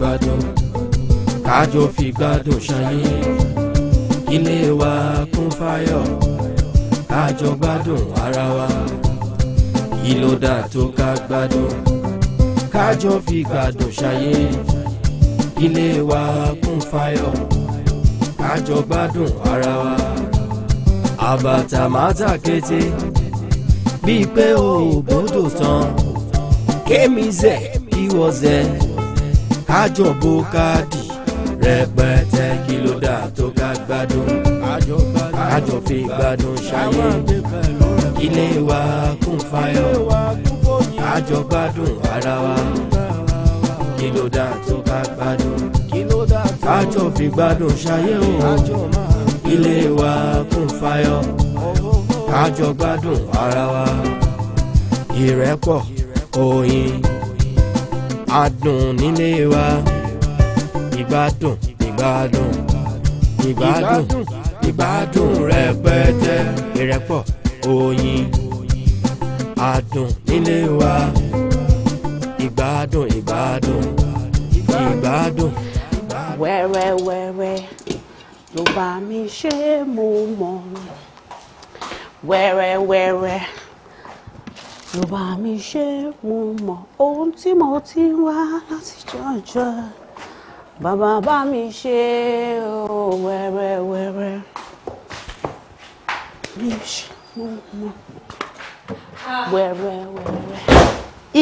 gbádùn kájọ fi gbádùn ṣayé ilé wa kún fáyọ̀ kájọ gbádùn ara wa kí ló dà tó ká gbádùn kájọ fi gbádùn ṣayé ilé wa kún fáyọ̀ kájọ gbádùn ara wa àbàtà mátà kété bíi pé o ò gbọ́dọ̀ tán kémi zẹ̀ ìwọ zẹ̀ àjọbó káàdì rẹpẹtẹ kí ló dà tó ká gbádùn àjọfi gbádùn ṣayé ilé wa kún fáyọ̀ àjọgbádùn ara wa kí ló dà tó ká gbádùn àjọfi gbádùn ṣayé o ilé wa kún fáyọ̀ àjọgbádùn ara wa ìrẹ́pọ̀ oyin adùn nílé wa ìgbádùn ìgbádùn ìgbádùn ìgbádùn rẹpẹtẹ ìrẹ́pọ̀ oyin adùn nílé wa ìgbádùn ìgbádùn ìgbádùn. wẹ́rẹ́wẹ́rẹ́ ló bá mi ṣe mo mọ̀ wẹ́rẹ́wẹ́rẹ́ ló bá mi ṣe mo mọ ohun tí mo ti ń wá láti jọjọ bàbá bá mi ṣe o wẹ́rẹ́ wẹ́rẹ́ mi ṣe mo mọ wẹ́rẹ́ wẹ́rẹ́.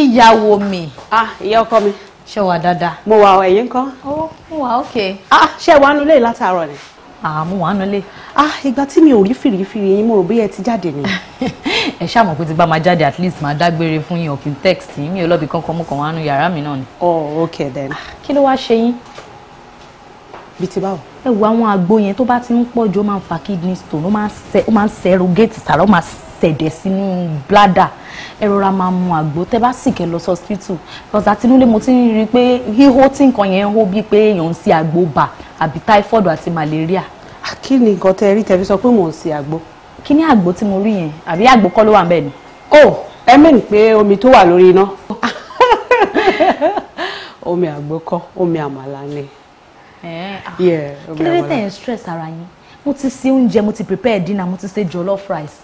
ìyàwó mi. ah ìyá ọkọ mi. ṣé wà dáadáa. mo wà ẹ̀yin ńkọ́. ó oh, wà ókè. ah ṣé wàá nulẹ̀ látàárọ̀ ni àmú wà nulẹ̀. ah ìgbà tí mi ò rí fìrífìrí yín mo rò bóyá ẹ ti jáde ni. ẹ ṣàmọ̀ pé ti bá máa jáde at least máa dágbére fún yín ọ̀kìn text yín mi ò lọ́bi kankan mú kàn wá nu yàrá mi náà ni. oh ok, then. Ah, kí ló wá ṣe yín. bí ti báwo. ẹ wo àwọn àgbo yẹn tó bá ti ń pọ̀ jù ó máa ń fa kidney stone ó máa ń sẹ ó máa ń sẹ erogate sára ó máa sẹ̀dẹ̀ sínú bládà ẹ rọra máa mu àgbo tẹ bá sì kẹ lọ sí hospital because àtinúlé mo ti ń rí i pé híhó tí nǹkan yẹn ń hó bíi pé èèyàn ń sí àgbo bà àbí typhoid àti malaria kí ni nǹkan tẹ rí tẹfí sọ pé mò ń ṣe àgbo. kí ni àgbo tí mo rí yẹn àbí àgbo kọ́ ló wà ńbẹ̀ ni. o ẹ mẹ́rin pé omi tó wà lórí iná omi àgbo kọ́ omi àmàlà ni. Eh, ah. kí ló dé tẹ̀ ń stress ara yín mo ti ṣe oúnjẹ mo ti prepare dinner mo ti ṣe jollof rice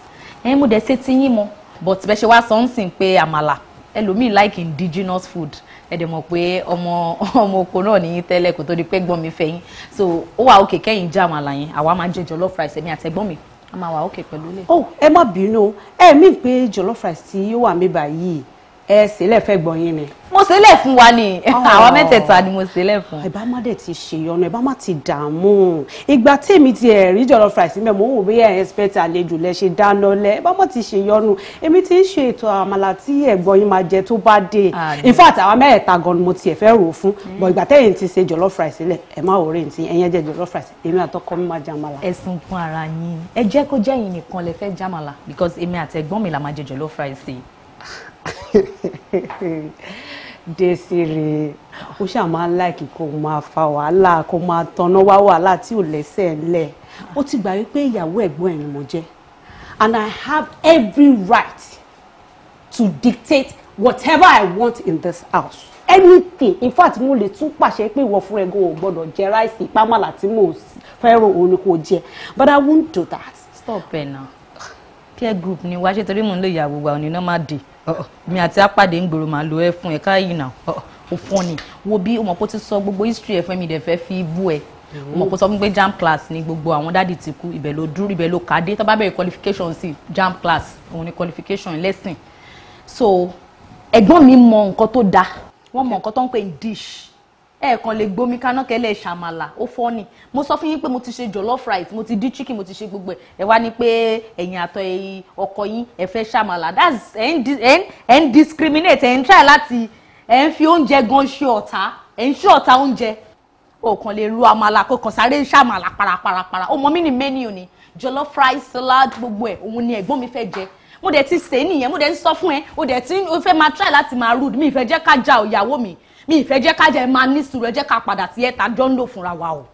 ẹ eh, mo dẹ̀ ṣe ti yín but bẹ́ẹ̀ ṣe wá sọ ń sìn pé àmàlà ẹlòmíì like indigenous food ẹ̀dẹ̀ mọ̀ pé ọmọ ọmọ oko náà ní tẹ́lẹ̀ kó tó di pé gbọ́n mi fẹ́ yín so ó wà òkè kẹ́yìn já àmàlà yẹn àwa máa jẹ jollof rice èmi àtẹ̀gbọ́n mi a máa wà òkè pẹ̀lú lè. ó oh, ẹ má bínú ẹ pé jollof rice tí yóò wà mí báyìí ẹ sílẹ̀ fẹ́ gbọ́ yín ni. mo sílẹ̀ fún wa ni ah. àwa mẹ́tẹ̀ẹ̀ta ni mo sílẹ̀ fún. ẹ bá má dẹ̀ ti ṣèyọnu ẹ bá má ti dààmú ìgbà tèmi ti ẹ̀ rí jọ̀lọ́ fàìsí mẹ́ mo ń wò bí ẹ̀ ẹ̀sìpẹ̀tì àlejò lẹ ṣe dáná lẹ ẹ bá má ti ṣèyọnu èmi ti ń ṣe ètò àmàlà tí ẹ̀gbọ́n yín máa jẹ tó bá dé in fact àwa mẹ́ẹ̀ta gan ni mo tiẹ̀ fẹ́ rò fún mm. bọ̀ ìgbà tẹ́yìn ti ṣe jọ̀lọ́ because èmi àtẹ̀gbọ́n mi là máa jẹ Desire ó ṣáà máa láìkì kó máa fa wàhálà kó máa tanná wá wàhálà tí ò lẹ́sẹ̀ ńlẹ̀ ó ti gbà wípé ìyàwó ẹ̀gbọ́n ẹ̀ ni mo jẹ́ and I have every right to dictate whatever I want in this house anything in fact mo lè tún pàṣẹ pé ìwọ fún ẹgbẹ́ ò gbọ́dọ̀ jẹ ráìsì ìpamọ́ àti mo fẹ́ràn òun ni kò jẹ but I won't do that. stop ẹ̀ náà peer group ni wá ṣe torí mò ń lo ìyàwó wa òní normal day uh-uh. mi àti apàdé ń gbòòrò màá lo ẹ fún ẹ káyìí nà uh-uh. ó fún ni wo bí o mọ̀ ti sọ gbogbo history ẹ fún mi dẹ̀ fẹ́ fi bú ẹ o mọ̀ sọ pé jam class ni gbogbo àwọn dáàdì ti kú ibẹ̀ ló dúró ibẹ̀ ló kàdé tó bá bẹ̀rẹ̀ qualification sí jam class òun ni qualification lesson so ẹ̀gbọ́n mi mọ nǹkan tó dáa wọ́n mọ nǹkan tó ń pè dish ẹ̀ẹ̀kan lè gbomi kaná kẹ́lẹ́ ṣàmàlà ó fọ́ ni mo sọ fún yín pé mo ti ṣe jollof rice mo ti dín chicken mo ti ṣe gbogbo ẹ̀ ẹ̀ wá ní pé ẹ̀yin àtọ̀ ọkọ yín ẹ̀ fẹ́ ṣàmàlà that's ẹ̀ ń discriminate ẹ̀ ń try láti ẹ̀ ń fi oúnjẹ gan ṣe ọ̀tá ẹ̀ ń ṣe ọ̀tá oúnjẹ òkan lè ru àmàlà kó kàn sáré ṣàmàlà parapara ó mọ mí ní menu ni jollof rice salad gbogbo ẹ̀ òun ni ẹ̀gbọ́n mi fẹ́ jẹ mo dẹ̀ ti sè é nìyẹn mo dẹ̀ ń sọ fún ẹ o dẹ̀ ti o fẹ́ máa try láti máa rude mi ìfẹ́ jẹ́ ká ja ìyàwó mi mi ìfẹ́ jẹ́ ká jẹ́ máa ní sùúrù ẹ jẹ́ ká padà sí ẹ̀ta jọ ń lò fúnra wa o.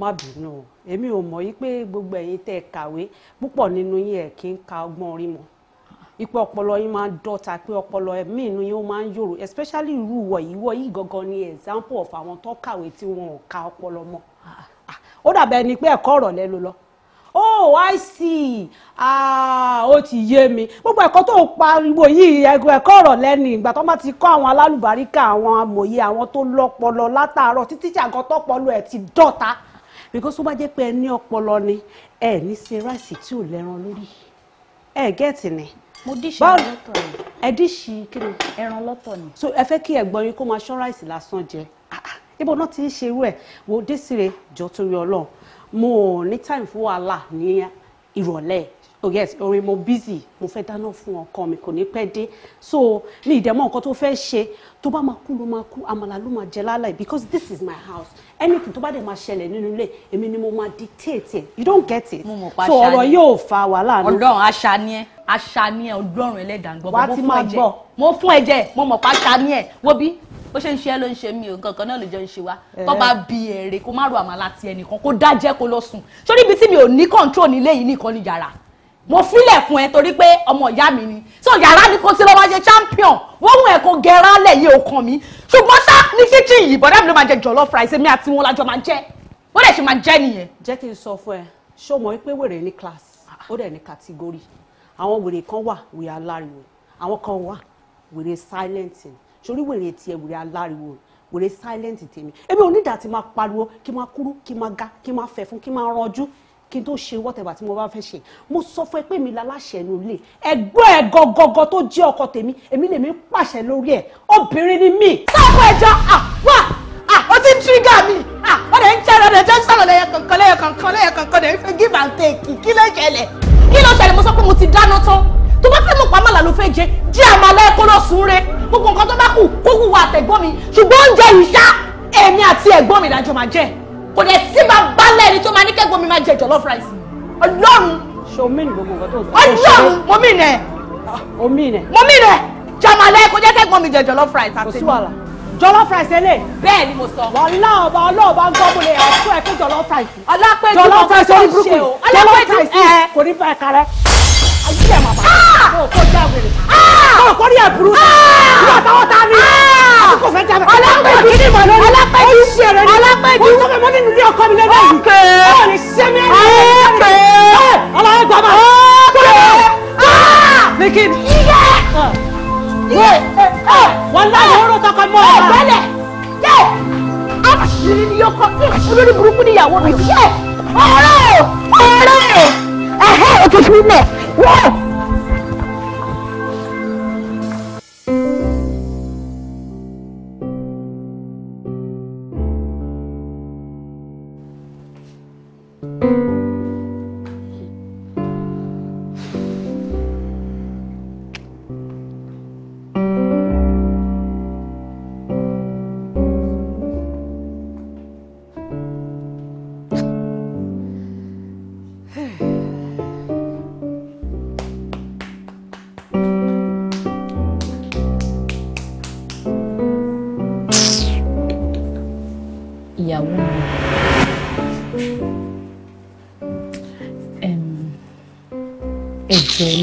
má bínú o èmi ò mọ̀ yí pé gbogbo ẹ̀yin tẹ́ ẹ kàwé púpọ̀ nínú yín ẹ̀ kí ń ka ọgbọ́n orí mọ́ ipò ọpọlọ yín máa ń dọ́ta pé ọpọlọ ẹ̀mí inú yín ó máa ń yòrò especially irú ìwọ yìí wọ yìí gangan ni example of àwọn tó kàwé tí wọn ò ka ọpọlọ mọ́ ah, ó dàbẹ̀ ni pé ẹ̀kọ́ ọ̀rọ̀ lẹ́ ló lọ oh i see ah ó ti yé mi gbogbo ẹ̀kọ́ tó pariwo yìí ẹ̀kọ́ ọ̀rọ̀ lẹ́nu ìgbà tó bá ti kọ́ àwọn alálùbáríkà àwọn amòye àwọn tó lọ́pọlọ látàárọ̀ títí jàgọ́ tọ́pọlọ ẹ̀ ti dọ̀ta because ó bá jẹ́ pé ẹ ní ọpọlọ ni ẹ ní ṣe ráìsì tí ò lẹ́ran lórí ẹ gẹ́ẹ̀tì ni mo díṣì ẹran lọ́tọ̀ ni ẹ díṣì kí ni ẹran lọ́tọ̀ ni so ẹ fẹ́ kí ẹ̀gbọ́n yín kó máa ṣọ́ ráìsì lásán jẹ ibo náà ti ń ṣe irú ẹ̀ wo désìrè jọ torí ọlọ́run mo ní time fún wàhálà ní ìrọ̀lẹ́ oh yes orin mo busy mo fẹ́ dáná fún ọkọ mi kò ní pẹ́ dé so ní ìdẹ́mọ̀ nǹkan tó fẹ́ ṣe tó bá máa kú ló máa kú àmàlà ló máa jẹ lálẹ́ because this is my house anything tó bá dẹ̀ máa ṣẹlẹ̀ nínú ilé èmi ni mo máa dictate it you don't get it so ọ̀rọ̀ yóò fa wàhálà náà. ọlọ́run aṣa ni ẹ aṣa ni ẹ ọlọ́run ẹlẹ́dàá gbọ́ mo fún ẹ̀jẹ̀ mo fún ẹ̀jẹ̀ mo mọ̀ pa aṣa ni ẹ wo bí bó ṣe ń ṣe ẹ́ ló ń ṣe mí o kankan náà ló jọ ń ṣe wá eh. tó bá bi èrè kó má ro àmàlà ti ẹnìkan kó dájẹ́ kó lọ sùn sórí ibi tí mi ò ní control nílé yìí nìkan ni yàrá mo filẹ̀ fún ẹ torí pé ọmọ ìyá mi ni so yàrá ni kò sí lọ́wọ́ ṣe champion wọ́n mú ẹ̀ kó gẹ̀rá lẹ̀ yé ọkàn mi ṣùgbọ́n sá ní kíchìn yìí bọ́dá mi ló máa jẹ jollof rice èmi àti wọn lájọ máa jẹ bó dẹ̀ ṣe máa jẹ nìyẹn. jẹ́ kí n sọ fún ẹ ṣó mọ̀ pé wèrè ní class ó dẹ̀ ní category àwọn wèrè kan wà wèrè aláriwo àwọn kan wà wèrè silent ni sórí wèrè tiẹ̀ wèrè aláriwo wèrè silent tèmi ebi onídàá ti máa pariwo kí máa kúrú kí máa ga kí máa fẹ̀ fún kí máa ranjú kí n tó ṣe whatever tí mo bá fẹ́ ṣe mo sọ fún ẹ pé mi láláṣẹ ẹnu ilé ẹgbọ́n ẹ gọgọgọ tó jẹ́ ọkọ tèmi èmi lèmi ń pàṣẹ lórí ẹ obìnrin ni mí. sáàpọ̀ ẹja wà ó ti ń tírígà mi ó lè ń jẹ́rọ lè jẹ́ sọ̀rọ̀ lẹ́yìn kankan lẹ́yìn kankan lẹ́yìn kankan lè fẹ́ give and take kí ló ṣẹlẹ̀ kí ló ṣẹlẹ̀ mo sọ pé mo ti dáná tán tó bá fẹ́ mọ̀ pa àmàlà ló fẹ́ jẹ jẹ́ àmàlà ẹ̀kọ́ lọ sùn re gbogbo nǹkan tó bá kù kó wù àtẹ̀gbọ́n mi ṣùgbọ́n oúnjẹ yìí ṣá èmi àti ẹ̀gbọ́n mi ìdájọ́ máa jẹ kò dẹ̀ sí máa bálẹ̀ ẹni tó máa ní kẹ́gbọ́n mi máa jẹ jọ̀lọ́fù ráìsì ọlọ́run. ṣé o mí ni gbogbo nǹkan tó ń sọ. ọlọ́run mo mí ah, nẹ. mo jàmàlẹ́ kò jẹ́ kẹ́gbọ́n mi jẹ jọ̀lọ́fù ráìsì àti mi jollof rice ẹlẹ́. bẹ́ẹ̀ ni mo sọ. wàhálà ọba ọlọ́ọ̀bá ń gbọ́ mo lè àtúntò ẹ fún jollof rice. ọlápẹ́ ju ọmọ tó ń ṣe o ọlápẹ́ ju ẹ. kò ní bá ẹ kalẹ̀. ayé ẹ̀ màmá ah! kò kó jáwèrè. Ah! kò kó ní ẹ̀ burú. Ah! ìwà táwọn ta ni. àbúkò fẹ́ jáwèrè. ọlápẹ́ ju kí ni mo lórí. ọlápẹ́ ju ọlápẹ́ ju. mo sọ pé mo nínú ilé ọkọ mi lẹ́nu. ọkẹ́ ọkẹ́ ọkẹ́. ní kí ni wọn láyé oró tọkọ mọ ẹ gbẹlẹ yẹ àṣírí ni yọkọ olórí burúkú ni ìyàwó mi yẹ eh! ọ̀rẹ́ ọ̀rẹ́ ẹhẹ òkè fún mi wọ.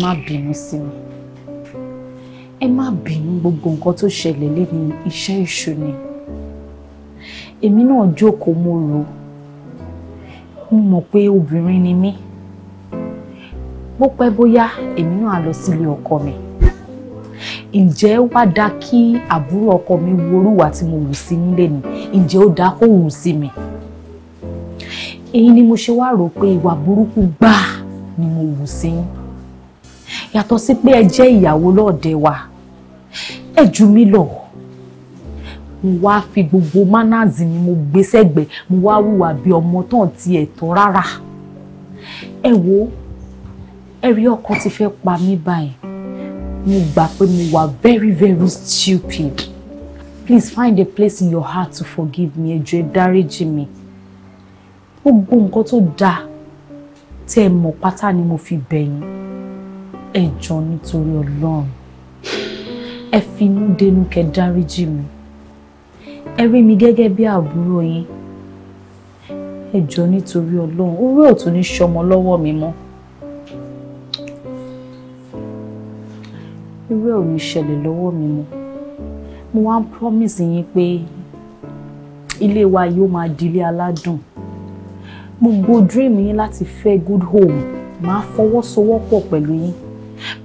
má bínú sí mi ẹ má bínú gbogbo nǹkan tó ṣẹlẹ̀ lẹ́nu iṣẹ́ èṣù ni èmi náà jókòó mo rò mo mọ̀ pé obìnrin ni mí bó pẹ́ bóyá èmi náà á lọ sílé ọkọ mi ǹjẹ́ wá dá kí àbúrò ọkọ mi worúwà tí mo wù sí nílé ni ǹjẹ́ ó dá kó wù sí mi èyí ni mo ṣe wá rò pé ìwà burúkú gbáà ni mo wù sí yín yàtọ̀ sí pé ẹ jẹ́ ìyàwó lọ́ọ̀dẹ wa ẹ jù mí lọ mo wá fi gbogbo manners mi mo gbé sẹ́gbẹ̀ẹ́ mo wá hùwà bí ọmọ tán ti ẹ̀tọ́ rárá ẹ wo ẹ̀rí ọkọ ti fẹ́ pa mí báyìí mo gbà pé mo wà very very stupid please find a place in your heart to forgive me ẹ jọ̀ọ́ ẹ dáríjì mi gbogbo nǹkan tó dáa tẹ́ ẹ mọ̀ pátá ni mo fi bẹ̀yìn ẹ jọ nítorí Ọlọ́run ẹ finú dénú kẹ́ dáríjì mi ẹ rí mi gẹ́gẹ́ bí àbúrò yín ẹ jọ nítorí Ọlọ́run orí ọ̀tún ní ṣọmọ lọ́wọ́ mi mọ́ irú ẹ̀ ò ní ṣẹlẹ̀ lọ́wọ́ mi mọ́ mo wá ń promise yín pé ilé wa yóò máa dilé aládùn gbogbo dream yín láti fẹ́ good home máa fọwọ́sowọ́pọ̀ pẹ̀lú yín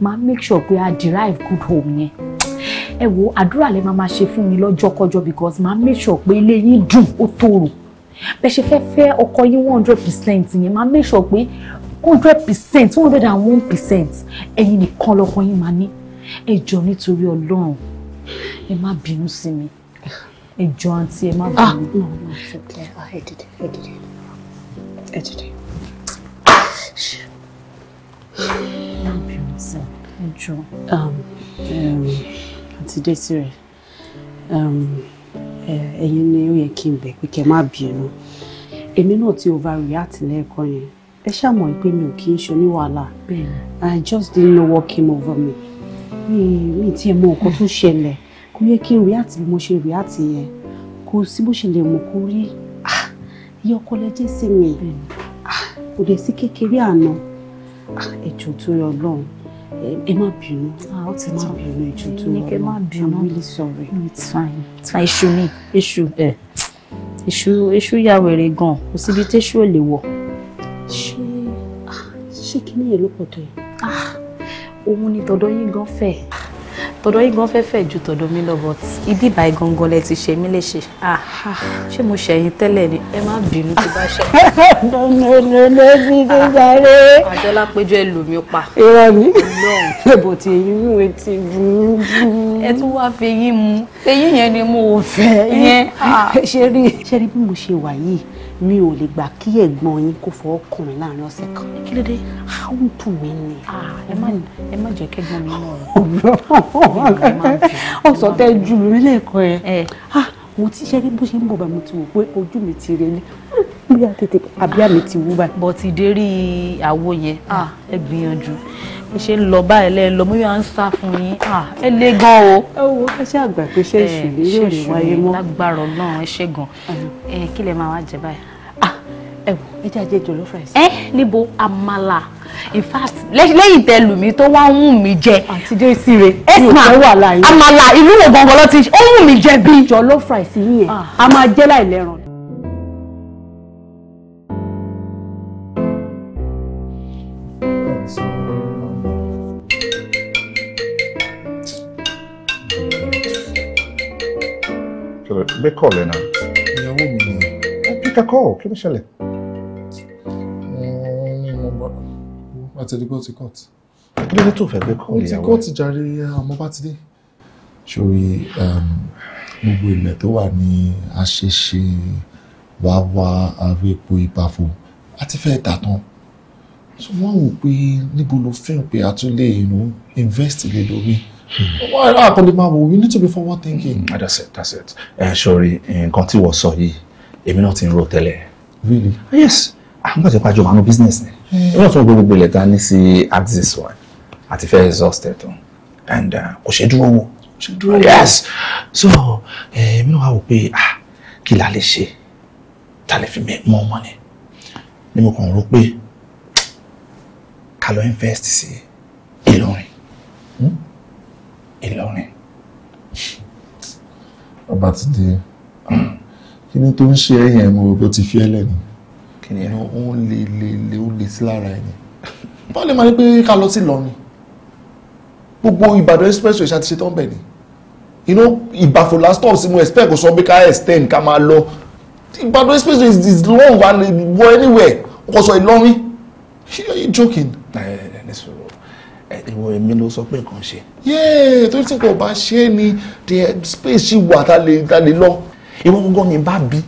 máa make sure pé a derive good home yẹn ẹ wo àdúrà lẹ máa máa ṣe fún mi lọ́jọ́kọ́jọ́ because máa make sure pé ilé yín dùn ó tòrò bẹ ṣe fẹ́ fẹ́ ọkọ yín one hundred percent yẹn máa make sure pé one hundred percent one hundred and one percent ẹ̀yin nìkan lọkọ yín máa ní ẹ jọ nítorí Ọlọ́run ẹ má bínú sí mi ẹ jọ àǹtí ẹ má bínú. Ah, ah, ẹ dìde ẹ dìde ẹ dìde. Thank you sẹ ẹ jọ um, um, àti dẹ́tí rẹ̀ um, ẹ̀yin ni ó yẹ kí n bẹ̀ pé kẹ́ má bínú èmi náà ti overreact lẹ́ẹ̀kan yẹn ẹ ṣàmọ̀ pé mi ò kí n ṣe oníwàhálà I just didn't know what came over me mi mi tí ẹ mọ nǹkan tó ṣẹlẹ̀ kò yẹ kí n react bí mo ṣe react yẹn kò sí bó ṣe lè mú kó rí iye ah, ọkọ lẹjẹ sí mi ah, kò dẹ̀ sí kékeré àná ah, ẹ̀jọ̀ tó yọ lọ́hùn ẹ má bínú ah, ẹ má bínú ìjọ tó lọ ẹ má bínú i'm really sorry. no it's fine it's fine iṣu ni iṣu ẹ iṣu iṣu ya wèrè gan kò síbi téṣu ò lè wọ. ṣé ah, ṣé kí ni èlò pọ̀ tó yẹ. Ah, òun ni tọ̀dọ̀ yín gan fẹ́ẹ́ tọ̀dọ̀ yín gan fẹ́fẹ́ ju tọ̀dọ̀ mi lọ but ibi ìbàyí gangan lẹ ti ṣe mí léṣe ṣé mo ṣẹ̀yìn tẹ́lẹ̀ ni ẹ má bínú tó bá ṣe. ọ̀nà lẹ́bí ló darí. àjọ lápéjọ ẹ lù mí pa. irọ́ mi ṣèbò tí eyín mú etí burú. ẹ tún wá fi eyín mu eyín yẹn ni mo fẹ́ yẹn. Ah. ṣe rí ṣe rí bí mo ṣe wà yìí mi ò lè gbà kí ẹ̀gbọ́n yín kó fọwọ́ kàn mí láàrin ọ̀sẹ̀ kan kí ló dé ó ń dùn mí ni. ẹ má jẹ́ kẹ́gbọ́n mi mọ̀ ọ́ ọ̀sọ̀ tẹ́ ju mi lẹ́ẹ̀kan ẹ̀ mo ti ṣe rí bó ṣe ń bọ̀ bá mi ti wò pé ojú mi ti relé bí àtètè àbíà mi ti wú báyìí. bọ́ ti àwo yẹn ẹ gbìyànjú ẹ ṣe ń lọ báyìí lẹ́ẹ̀ lọ mọ́yà ń sá fún yín ẹ lé gan o. ẹ wo ẹ ṣe àgbà pé ṣé èṣù lè yóò lè wáyé mọ́. ṣé èṣù lè lágbára ọlọ́run ẹ ṣe gan kí lè máa wá jẹ báyìí ẹ wò ẹ jẹ́ àjẹ jollof rice. ẹ níbo amala. in fact lẹ́yìn tẹ lù mí tó wá ń wù mí jẹ. àti dé sí re mi ò fẹ́ wà láàyè. àmàlà ìlú wo gangan ló ti ó wù mí jẹ bí. jollof rice yìí yẹn ah. a máa jẹ́ láì lẹ́ràn. Gbé kọ́ọ̀lù ẹ̀ náà. Ìyàwó mi ni. Ẹ kí kí ló ṣẹlẹ̀? àti ẹ̀dígbò ti court. kí ló dé tó fẹ́ pé kọ́ ìyàwó ẹ̀. ó ti court jàre eh, àmọ́ bá ti dé. sori um, gbogbo ilẹ̀ tó wà ní àṣeṣe wàá wá àrùn epo ìbàfọ̀ àti fẹ́ dà tán so wọ́n wò pé níbo ló fẹ́ pé a tún lè you invest hmm. lè lórí àkọlé máa wò we need to be forward thinking. Mm, that's it that's it ẹ eh, sori nǹkan tí wọ́n sọ yìí èmi náà ti ń rò tẹ́lẹ̀. really yes àwọn gbàgbé pàjọ àwọn business ni nígbà tí wọ́n gbé gbogbo ilẹ̀ ta ní sí axis one àti fẹ́ exhausted tán and uh, kò ṣe dúró wò. yes so èmi náà wá wò pé ah kí la lè ṣe ta lè fi mọ ọmọ ni ni mo kàn rò pé ká lọ invest sí Ìlọrin hmm? Ìlọrin. Ọbátúndé kí ni tó ń ṣe ẹ̀yìn ẹ̀ mo rò pé ó ti fi ẹ́ lẹ́nu kìnìún náà ó ń le le le ó le sí lára ẹ̀yìn báwo lè máa ní pé ká lọ sí Ìlọrin gbogbo Ìbàdàn expressway ṣáà ti ṣe tán bẹ̀ ni iná ìbàfò last stop sí mo expect kò sọ pé ká extend ká máa lọ Ìbàdàn expressway is, is long and go anywhere kò sọ Ìlọrin are you joking. ẹ ẹ ní sọ̀rọ̀ ìwọ èmi ló sọ pé nǹkan ṣe. yéè torí tí kò bá ṣe é ni the space ṣì wà tá lè lọ. ìwọ gbọ́ngàn ni bá bí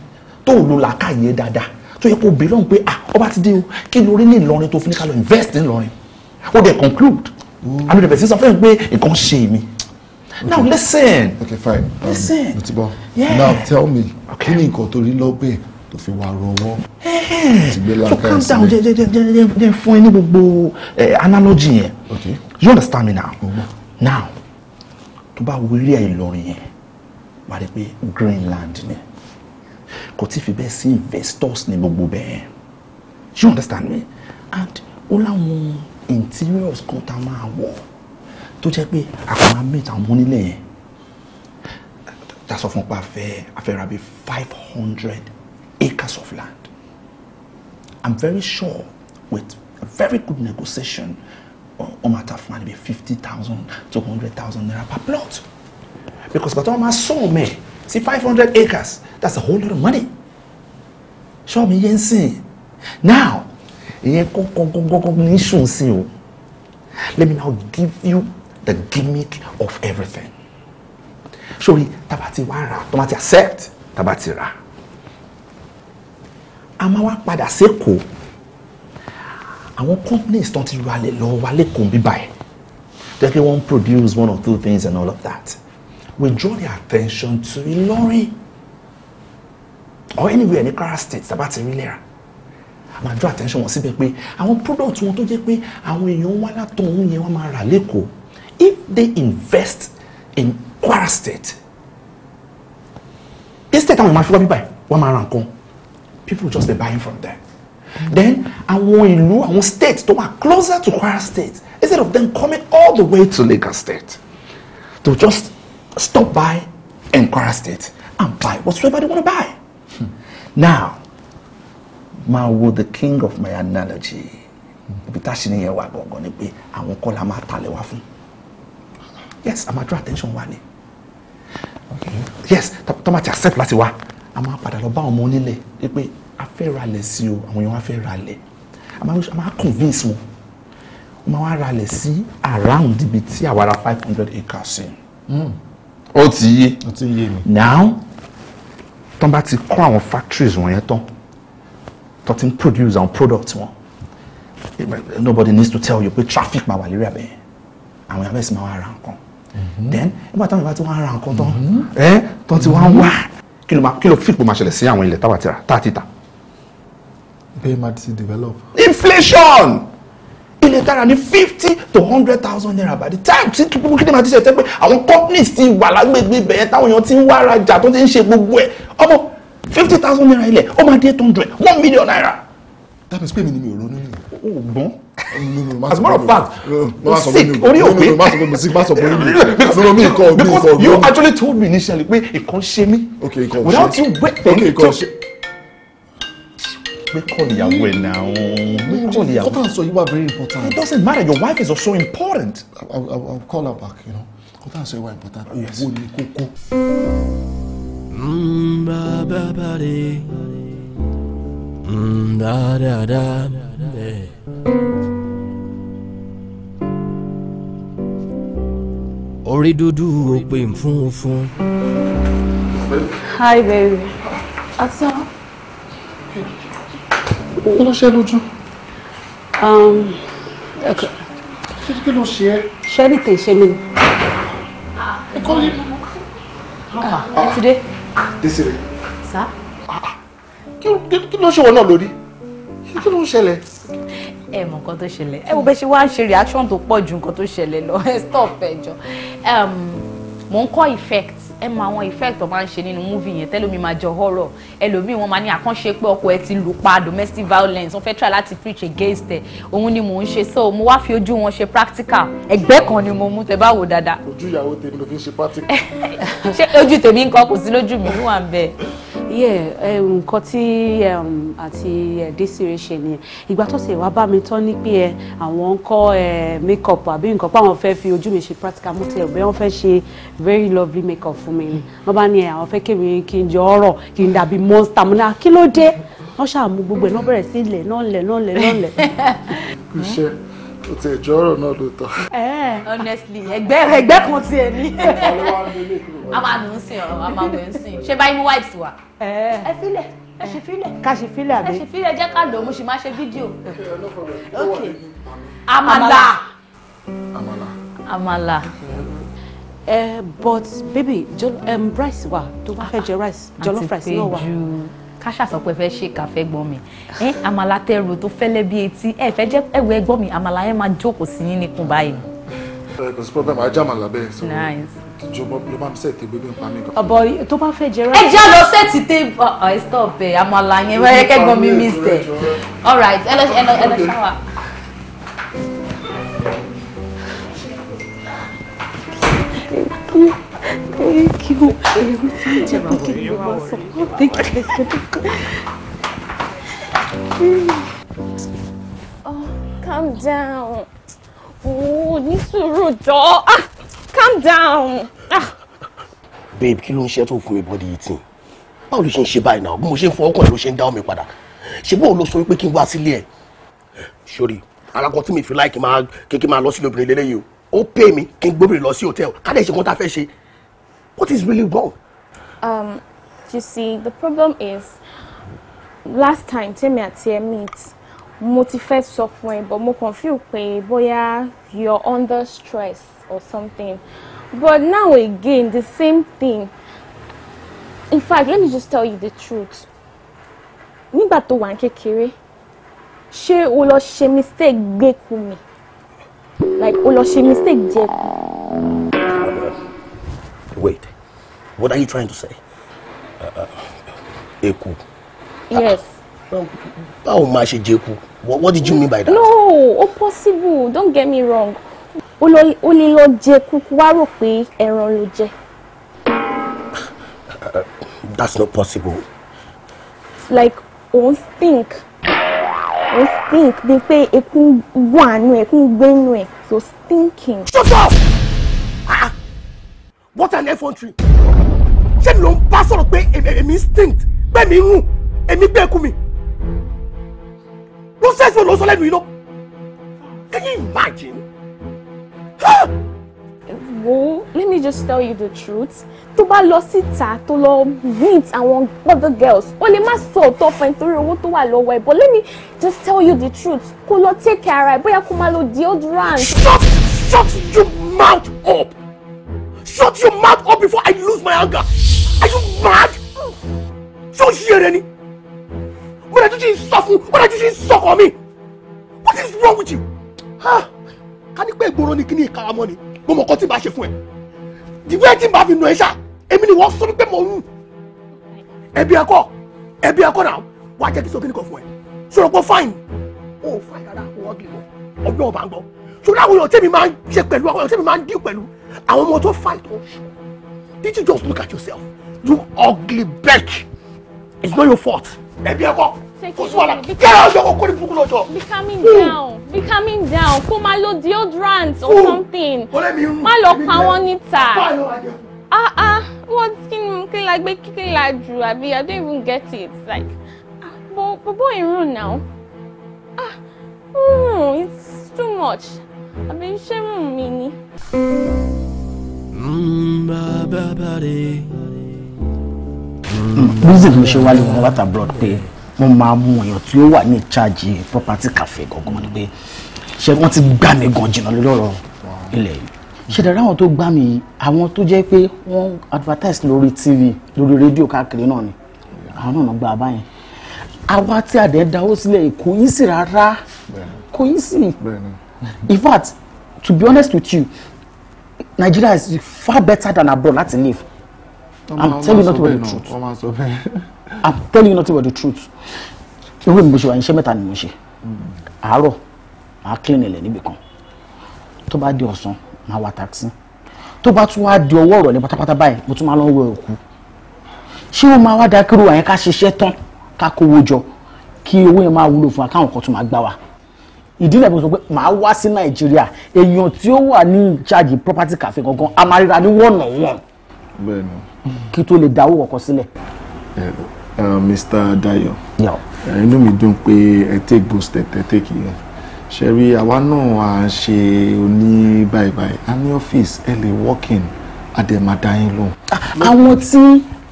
tó lò làákàyè dáadáa tó yẹ kó bèèrè lọ́hùn pé ah ọba ti dé o kí ló rí ní Ìlọrin tó fi ní ká lọ invest ní Ìlọrin ó dẹ̀ conclude àmì rẹ̀ bẹ̀rẹ̀ sí sọ fún mi pé nǹkan ṣe mi. now listen. okay fine um, listen. mo ti bọ now tell me kí ni nǹkan tó rí lọ́bẹ̀ tó fi wà rọwọ́. Eh, ti gbé so calm down jẹ jẹ jẹ jẹ fún ẹ ní gbogbo eh, analogy yẹn you understand me now now tó bá wo eré Ìlọrin yẹn wà á rí pé Greenland ni kò tí fi bẹ́ẹ̀ sí investors ní gbogbo bẹ́ẹ̀ you understand me and ó láwọn interiors kan tá a máa wọ̀ tó jẹ́ pé àwọn máa mẹ́ta àwọn onílẹ̀ yẹn tá a fún pa afẹ́ afẹ́ bíi five hundred acres of land i'm very sure with a very good negotiation wọ́n máa ta fún wa níbi fifty thousand to hundred thousand naira per plot because bàtà wọ́n máa sọ̀rọ̀ mẹ́ẹ̀. See five hundred acres that's a whole lot of money Show me ń sìn now ìyẹn kọ́kọ́kọ́kọ́ ní sùn sí let me now give you the gimmick of everything sórí tabati ti wá ra tó máa accept Tabati ra a máa wá padà sékòó àwọn companies tó ti ra lè lọ wa lẹ́kọ̀ọ́ bíbá ẹ̀ jẹ́ pé wọ́n produce one or two things and all of that we draw their attention to Ilorin or anywhere in Kwara state tàbá ti rí lẹ́ra a draw attention wọn síbẹ̀ pé àwọn product wọn tó jẹ́ pé àwọn èèyàn wá látọ̀hún yẹn wọ́n máa rà lẹ́kọ̀ọ́ if they invest in Kwara state instead àwọn èèyàn máa fi wá bíbá ẹ̀ wọ́n máa ra nǹkan people just dey buying from them then àwọn ìlú àwọn state tó wà closer to Kwara state instead of them coming all the way to Lagos state to just stop by Enquire State and buy whatsoever they want to buy. Hmm. Now, Mao, the king of my analogy, ibi tá a ṣe níyẹn wà gangan ni pé àwọn kọ́ máa talẹ̀ wá fún. Yes, a máa draw attention wa ni. Okay. Yes, tó máa ti accept láti wá. A máa padà lọ bá ọmọ onílẹ̀ pé a fẹ́ ralẹ̀ sí o, àwọn èèyàn á ralẹ̀. A máa convince wọn. Wọ́n máa wá ralẹ̀ sí around ibi tí àwa ra five hundred acres sí. Hmm ó ti yé ó ti yé mi. now tán bá ti kọ́ àwọn factories wọ̀nyẹn tán tó ti ń produce àwọn products wọn nobody needs to tell you pé traffic máa wà lórí abẹ́ àwọn abẹ́ sì máa wá ra nǹkan mm-hmm. then nígbà táwọn ìbá ti wá ra nǹkan tán mm-hmm. ẹ tán ti wá ń mm-hmm. wá kí ló máa kí ló fìpò máa ṣẹlẹ̀ sí àwọn ilẹ̀ táwa ti rà tá a ti tà. bẹ́ẹ̀ máa ti develop. inflation ó lè kára ní fifty to hundred thousand naira by the time tí kúkú kí ni màá ti ṣe tẹ́ pé àwọn companies ti wà lágbègbè bẹ̀yẹn táwọn èèyàn ti ń wá rajà tó ti ń ṣe gbogbo ẹ̀ ọmọ fifty thousand naira ilẹ̀ ó máa di eight hundred one million naira. that means pé mi ni mi ò ronú nìyẹn. o gbọ́n as a matter of fact sick orí òpè because you actually told me initially pé ìkan ṣe mí without you waiting to call ìyàwó ẹ̀ náà make mm, call ìyàwó. kọ́tà sọ yìí wà very important. it doesn't matter your wife is also important. I'll I, I call her back you know kọ́tà sọ yìí wà important owó oh, ni kókó. Mbababare, mm, mbadada, mm, mbẹ. orí dúdú òpè fún hi baby. Asa ló ṣe lójú. Um, kí ló ṣe ẹ́. ṣẹ́rí tè ṣe mí ẹ kọ́ yín. Ah, ẹ ti dé. Desire. sá. Ah, kí ló ṣe wọn náà lórí kí ló ń ṣẹlẹ̀. ẹ mọ nǹkan tó ṣẹlẹ̀ ẹ wo bẹ ṣe wá ń ṣe reaction tó pọ̀ ju nǹkan tó ṣẹlẹ̀ lọ ẹ stop ẹ jọ mo um, ń kọ́ effect ẹ mọ àwọn effect tó máa ń ṣe nínú movie yẹn tẹ́lómi máa jọ horror ẹlòmíì wọ́n máa ní àkànṣe pé ọkọ ẹ ti lù pa domestic violence wọ́n fẹ́ try láti preach against ẹ̀ òun ni mò ń ṣe so mo wá fi ojú wọn ṣe practical ẹgbẹ́ kan ni mo mú tẹ bá wò dáadáa. ojú ìyàwó tèmi ló fi ń ṣe practical. ṣé ojú tèmi ń kọ kò sí lójú mi níwà bẹ́ẹ̀ yeah eh, nǹkan tí um, àti eh, Desire ṣe nìyẹn ìgbà tó sì wá bá mi tán ní pé eh, àwọn ń kọ́ make up àbí nǹkan pé àwọn fẹ́ fi ojú mi ṣe practical mo tẹ̀ bẹ́ẹ̀ wọ́n fẹ́ ṣe very lovely make up fún mi ni wọ́n bá ní àwọn fẹ́ kéwìn kí n jọ ọ̀rọ̀ kí n dàbí monster mo ní ah, kí ló dé wọ́n ṣàmú gbogbo ẹ̀ náà bẹ̀rẹ̀ sí ilẹ̀ náà lẹ̀ náà lẹ̀ náà lẹ̀ o ti ẹjọ ọ̀rọ̀ náà ló tọ. Eh, honestly ẹgbẹ́ ẹgbẹ́ kan ti ẹ ní. a máa dùn sí ọ a máa wẹ̀ ń sìn ṣé báyìí mú wipes wà. Eh. ẹ filẹ̀ ẹ ṣe filẹ̀. ká ṣe filẹ̀ àbí. ẹ ṣe filẹ̀ jẹ́ ká lò ó mo sì máa ṣe fídíò. Amala. àmàlà. àmàlà. ẹ but baby jol um, rice wa tó bá fẹ́ jẹ rice jollof rice náà wa? àti pé ju ká ṣàṣọ pé fẹ́ ṣe kàfẹ́ gbọ́n mi ẹ àmàlà tẹrù tó fẹ́lẹ́ bí etí ẹ fẹ́ jẹ́ ẹ̀wù ẹ gbọ́n mi àmàlà yẹn máa jókòó sí yín nìkún báyìí. ẹ eh, kò sí problem ajá àmàlà bẹ́ẹ̀ sọ ló máa ń sẹ̀ tẹ gbẹ́gbẹ́ pa mí kan. tó bá fẹ́ jẹrán. ẹ já lọ sẹ́ẹ̀tì tẹ ẹ stop ẹ eh, àmàlà yẹn wẹ́rẹ́ kẹ́gbọ́n mi miss ẹ all right ẹ lọ ẹ lọ ṣáwà. Thank you. Thank calm down. Oh, ní sùúrù jọ. Ah, calm down. Ah. Babe, kí ló ń ṣe tó fún mi body eating? Báwo ló ṣe ń ṣe báyìí náà? Bí mo ṣe ń fọwọ́ kàn ẹ́ ló ṣe ń dá mi padà. Ṣé bóun ló sọ wípé kí n wá sílé ẹ̀? Sori, alákọ̀ tí mi fi láì kí n máa lọ sí lóbìnrin lélẹ́yìí o. Ó pè mí kí n gbóbìnrin lọ sí hòtẹ́ẹ̀lì. Ká lè ṣe kó tá a fẹ́ ṣe. What is really wrong? Um, you see, the problem is, last time Temi àti ẹ meet, mo ti but more confused feel pé you're under stress or something. But now again, the same thing. In fact, let me just tell you the truth. Nígbà bato wà kékeré, she ulo she mistake gekumi. Like ulo she mistake jẹ Wait. What are you trying to say? Eku. Uh, uh, yes. Uh, báwo máa ṣe jẹ́kù? What did you mean by that? No, ó possible. Don't get me wrong. Ó lè lọ jẹ kúkú wá rò pé ẹran ló jẹ. Uh, that's not possible. Like, òun stink ó stink bíi pé eku wà nù ẹ̀ kún gbé nù ẹ̀ so stinking. Shut up! what an effrontery ṣé mi ló ń bá sọ̀rọ̀ pé èmi instinct pé mi ń hù èmi gbé ikú mi ló sẹ́sì ló sọ lẹ́nu yìí lọ can you imagine. wo let me just tell you the truth tó bá lọ síta tó lọ meet àwọn other girls ó lè má sọ ọ̀tọ̀ fún nítorí owó tó wà lọ́wọ́ ẹ̀ but let me just tell you the truth kó lọ take care ara ẹ̀ bóyá kó má lo deodorant. shut shut your mouth up. Shut your mouth up before I lose my anger. Are you mad? Ṣé o ṣí eré ni? Mo dájú ṣe ń sọ fún, mo dájú ṣe ń What is wrong with you? Ká ní pé ìgboro ni kí ni money? ni, mo mọ̀ kọ́ tí màá ṣe fún ẹ. Dìbò ẹ tí màá fi nù ẹ ṣá, èmi ni wọ́n sọ pé mò ń rù. Ẹbí ẹkọ, ẹbí ẹkọ náà, wàá jẹ́ kí sọ kí ni kò fún ẹ. Ṣòro pé fine, o ò fine rárá, o ò gbìn mọ́, ọgbọ́n ò bá ń gbọ́. Ṣòro àwọn èèyàn tẹ́mi máa ń ṣe pẹ̀lú, àwọn èèyàn àwọn ọmọ tó fight ó did you just look at yourself you ugly bitch it's not your fault ẹbí ẹkọ kò sí wàhálà kí ẹ ọjọ kó kó ní burúkú be calming down be calming down kó máa lo deodorant or something má lọ pa wọ́n níta ah ah what skin kí la gbé kí la jù àbí i don't even get it like ah bobo irun now ah mm, it's too much àbí ṣé mú mi ni. reason mo ṣe wálé wọn wátà blood pé mo máa mú èèyàn tí ó wà ní charge property cafe gangan ni pé ṣé wọ́n ti gbá mi gan jìnnà lórí ọ̀rọ̀ ilẹ̀ yìí ṣèdára àwọn tó gbá mi àwọn tó jẹ́ pé wọ́n advertise lórí tv lórí rédíò káàkiri náà ni àwọn náà gba àbá yẹn àwa tí adẹ̀ dáwó sílẹ̀ kò yín sí rárá kò yín sí in fact to be honest with you Nigeria is far better than abroad láti live I'm telling you nothing but the truth I'm telling you nothing but the truth irú mi bó ṣe wà iṣẹ́ mẹ́ta ni mo ṣe hmm. àárọ̀ màá clean ilẹ̀ níbì kan To bá di ọ̀sán màá wa taxi To bá tún wá di ọwọ́ ọ̀rọ̀ ní pátápátá báyìí mo tún máa lọ wẹ òkú ṣé o máa wá dákírò àyẹn ká ṣiṣẹ́ tán ká kówó jọ kí owó yẹn máa wúlò fún wa kan tún máa gbá wa ìdí náà sọ pé màá wá sí nàìjíríà èèyàn tí ó wà ní ìjáàjì property cafe gangan a máa ríra ní one on one. bẹ́ẹ̀ni. kí tó lè dáwọ́ ọkọ sílẹ̀. Mr. Dayo inú mi dùn pé ẹ take boost tẹ̀tẹ̀ take yẹn ṣe rí àwa náà à ń ṣe oní báyìí a ní ọ́fíìsì ẹ lè work in àdèmàdáyín lóhùn. Ah, àwọn tí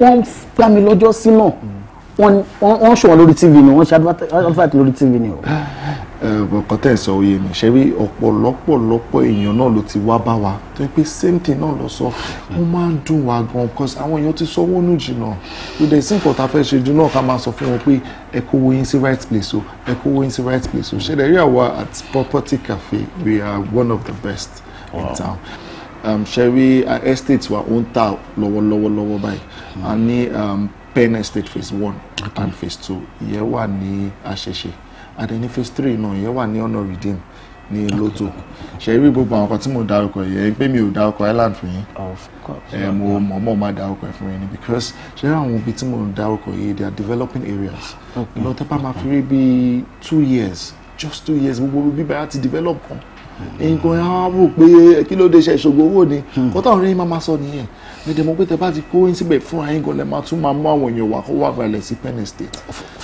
wọ́n gbá mi lọ́jọ́ sí náà wọ́n ń ṣọ̀wọ́n lórí tv ni wọ́n ṣe advert lórí tv ni o. Eh, nǹkan tẹ́ ẹ̀ sọ òye mi ṣe rí ọ̀pọ̀lọpọ̀lọpọ̀ èèyàn náà ló ti wá bá wa tó yẹ pé same thing náà lọ sọ wọ́n máa ń dùn wá gan because àwọn èèyàn ti sanwó nù jìnnà ló dẹ̀ sí nǹkan tá a fẹ́ ṣe jù náà ká máa sọ fún wọn pé ẹ kó owó yín sí right place o ẹ kó owó yín sí right place o ṣe dẹ̀ rí àwa at property cafe we are one of the best in town um, ṣe rí estate wa ó ń tà lọ́wọ́lọ́wọ́ báyìí a ní um, Penn estate phase one okay. and phase two ìyẹn wà ní àṣẹṣe and then ní phase three náà ìyẹn wà ní ọ̀nà redeem ní lótò ṣe rí gbogbo àwọn kan tí mo dárúkọ yẹn pé mi ò dárúkọ island fún yín ẹ mo mọ̀ọ́mọ̀ máa dárúkọ fún yín ni because ṣe rí àwọn ibi tí mo dárúkọ yìí they are developing areas lọ tẹ́pá máa fi rí bíi two years just two years gbogbo bíbá yà ti develop kan hmm. nǹkan yẹn á wò pé kí ló dé ṣe ìṣògo owó ni hmm. kó táwọn ọ̀rẹ́ yín máa máa sọ nìyẹn nídìí mo pé tẹ bá ti kó yín síbẹ̀ fúnra yín gan lẹ máa tún máa mú àwọn èèyàn wá kó wá balẹ̀ sí Penn State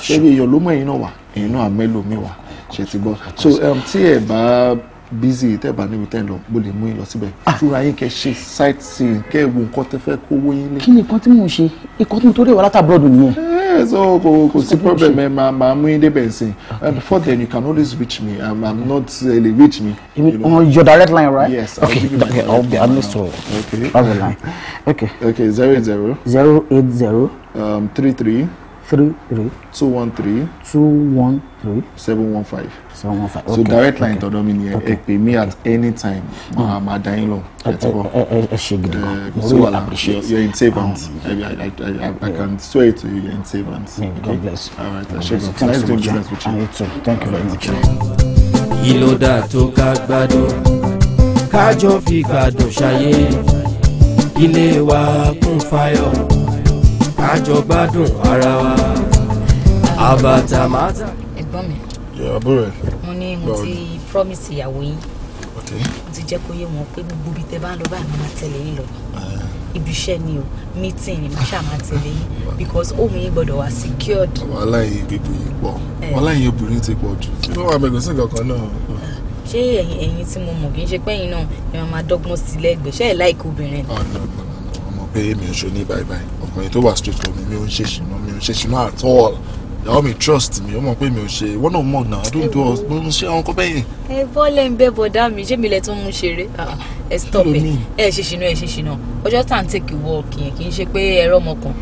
ṣebí èèyàn ló mọ̀ ẹ̀yin náà wà ẹ̀yin náà àmẹ́lò mi wà ṣe ti gbọ́ so um, tí ẹ ba busy tẹ bá níbi tẹ́lọ mo lè mú yín lọ síbẹ̀ ah. fúnra yín kẹ ṣe sightseeing kẹ wo nǹkan tẹ fẹ́ kówó yín lé. kí ni nǹkan tí mò ń ṣe ikọ̀ tí mo torí ìwà látàbọ̀dù nìyẹn. Yes, oh, oh, oh. kò sí problem ẹ eh, máa máa mú yín débẹ̀ sí and uh, before then you can always reach me i'm i'm not really eh, reach me. Oh, mean on your direct line right. yes okay, i'll give you my okay, direct line okay i'll be sorry okay that's the line okay. okay zero eight zero. zero eight zero. um three three three three. two one three. two one three. seven one five. seven one five okay so direct line tọ̀dọ̀ mi nìyẹn ẹ pè mí at any time máa máa mm. dá yín lọ ẹ ti bọ ẹ ẹ ṣe gidi gan really appreciate you in servant I, I, I, I can swear to you you're in servant. God bless you all right ẹ ṣe gan nice to meet with you. you too thank you very much. ìlòdà tó ká gbádùn kájọ fi gbàdùn ṣayé ilé wa kún fáyọ̀ kájọ gbádùn ara wa àbàtà mátà. ẹ̀gbọ́n mi. yẹ àbúrò mo ní mo ti promise ìyàwó yín mo ti jẹ́ kó yé wọn pé gbogbo ibi tẹ́ bá ń lọ báyìí máa tẹ̀lé yín lọ eh. ibi iṣẹ́ ni o meeting ni mo ṣáà tẹ̀lé yín because ohun yín gbọ́dọ̀ wá secured. wàhálà yìí bíbu yìí pọ̀ eh. wàhálà yìí obìnrin ti pọ̀ jù fún wa bẹ̀rẹ̀ sí kankan náà. ṣé ẹ̀yin ẹ̀yin tí mo mọ̀ kì í ṣe pé ẹ̀yin náà ẹ máa dọ́gbọ́n sí lẹ́gbẹ̀ẹ́ ṣé ẹ̀ láìka obìnrin. ọ̀nà ah, ọmọ pé èmi ò ṣe ní báyìí báyìí ọkùnrin tó wà straight for me mi ò ń ṣe ṣìnà mi ò ṣe ṣìnà at all ìyàwó mi trust mi ó pé mi ò ṣe wọ́n náà mọ̀ náà dúró dúró mo ń ṣe àwọn kọ́bẹ́yìn. ẹ bọ́lẹ̀ ń bẹ bọ̀dá mi ṣé mi lẹ tún mú ṣeré ah, ah, ẹ stop ẹ ẹ ṣe ṣìnà ẹ ṣe ṣìnà ọjọ́ tá à ń tèkì wọ kì í ṣe pé ẹ̀rọ ọmọkàn.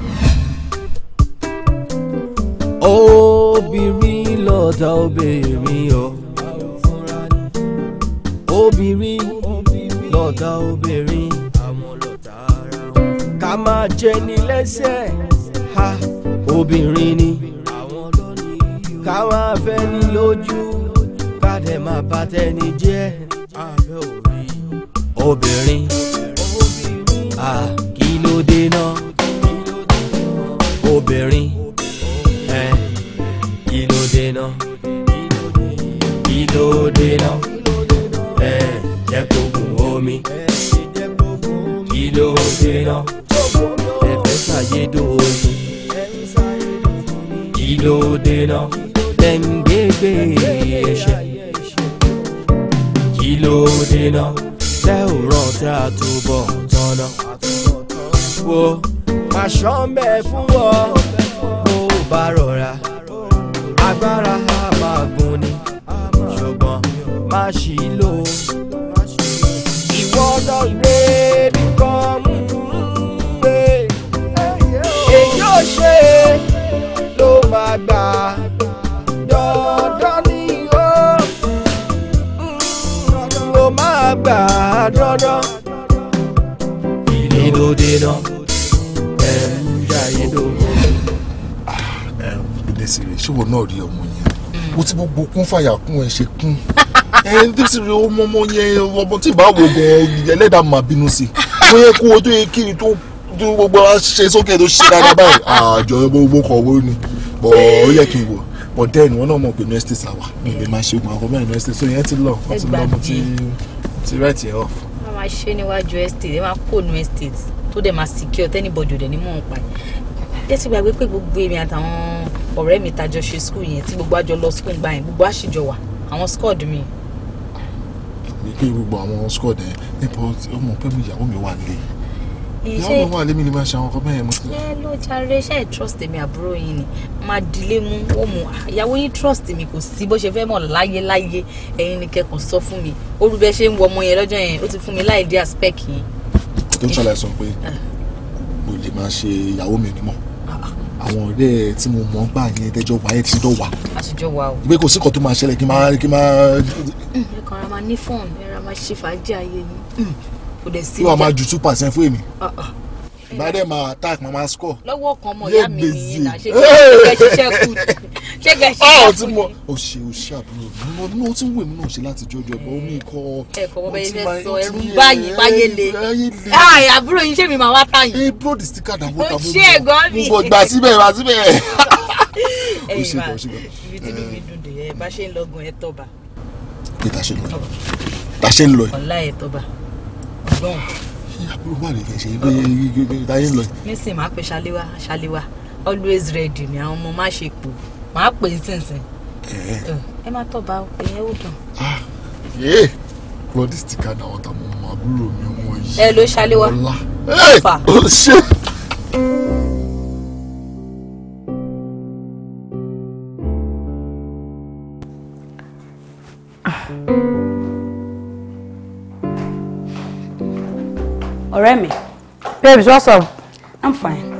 obìnrin lọ́dà obìnrin o obìnrin lọ́dà obìnrin ká máa jẹ ní lẹ́sẹ̀ ha obìnrin ni ká máa fẹ́ ní lójú ká dẹ̀ máa bá tẹni jẹ́ obìnrin ha kí ló dé náà obìnrin ẹ kí ló dé náà kí ló dé náà jẹ́ kó gùn omi kí ló dé náà ṣàyédòdò kí ló dé náà lẹ́ǹgbẹ́gbẹ́ ẹ̀ṣẹ̀ kí ló dé náà tẹ́ ò rántí àtúbọ̀ tán náà wo màṣọ ń bẹ fún ọ bó bá rọra agbára àbàgùn ni ṣùgbọ́n má ṣì lò ìwọ́dọ̀ ìwé. ló máa gbà dandan ni ó ló mm, máa gbà dandan. ìlú dènà ẹ̀ ń ya ìlú. ẹ náà rí ọmọ yẹn mo ti gbogbo kún fàyà kún ẹ ṣe kún ẹn tí sì rí ọmọ ọmọ yẹn ọmọ tí bá wo gan ẹlẹ́dàá máa bínú sí i mo yẹ kó o tó yẹ kí n tó ju gbogbo wa ṣe sókè tó ṣe dáadáa báyìí ah, àjọ gbogbo kan owó ni bọ̀ ó yẹ kí n wò but then wọn náà mọ̀ pé nurse tẹ̀sán mi lè máa ṣe oògùn àkọ́kọ́ mẹ́rin nurse yẹn ti lọ wọ́n ti lọ mo ti ti right yẹn off. wọ́n máa ṣe níwájú estate ẹ máa kó nu estate tó dẹ̀ máa secure tẹ́nibọ̀dì ò ní mọ̀ ń pa ẹ̀ ti gbàgbé pé gbogbo èmi àtàwọn ọ̀rẹ́ mi tajọ ṣe school yẹn tí gbogbo àjọ lọ school gbà yẹn gbogbo àṣìjọ wà àwọn squad mi pé gbogbo àwọn squad ẹ nípa ọmọ pẹ́ mi ìyàwó mi wà nílé ìyá ọmọ wà lémi ni máa ṣe àwọn ọkọ bẹ́ẹ̀ mú sí. ẹ ló jàre ṣe trust mi àbúrò yìí ni máa dilé mú ó mú ìyàwó yìí trust mi kò sí bó ṣe fẹ́ mọ̀ láyé láyé ẹ̀yin ni kẹ́kọ̀ọ́ sọ fún mi olùbẹ́ ṣe ń wọ ọmọ yẹn lọ́jọ́ yẹn ó ti fún mi láì dé aspect yẹn. kí n ṣàlàyé sọ pé ah. mo lè máa ṣe ìyàwó mi nímọ̀ àwọn ọ̀rẹ́ tí mo mọ̀ gbà yẹn tẹ́jọ́ wà yẹn ti jọ wà. àṣìjọ wà o. ìgbé kò sí kan tó máa ṣẹlẹ̀ kí n máa. ẹ kàn ra máa ní fọ́ọ̀nù ẹ ra máa ṣe fàájì ayé yín. Hmm kò dẹ̀ sí. wọ́n máa ju two percent fún èmi. ìbádẹ́ ah, ah. máa attack mama score. lọ́wọ́ kan mọ̀ ìyá mi ni ìlà ṣe kẹ́ ṣiṣẹ́ kù ṣe kẹ́ ṣiṣẹ́ kù ni. Ah, o ṣe o ṣe àbúrò mi mo ní o ti ń wè mí náà ṣe láti jọjọ ẹ̀bọ̀ omi ikọ̀. ẹ̀fọ̀ bọ́bẹ̀ ilé sọ ẹ̀rù báyìí báyé le àbúrò yín ṣé mi máa wá tàyìn. ẹ bróòdì stika dàbò tàbó mo bọ̀ gbà síbẹ̀ gbà síbẹ̀. Eh, o ṣe bọ̀ o ṣe bọ̀. ibi tí mi dùn dè ẹ bá ṣe ń lọgun ẹ tọ́ba. kí ń lọ ọ̀la ẹ tọ́ba àbúrò má lè ṣe always ready ni àwọn ọmọ má ṣe pò máa pè é sínsìn. ẹ má tọ́ ba ìyẹn ó dùn. blood ah, sticker náà wọ́n ta mo mọ àbúrò mi ọmọ yìí. ẹ ló ṣaléwá ọfà. thank you ọ̀rẹ́ mi. babes what's up. i'm fine.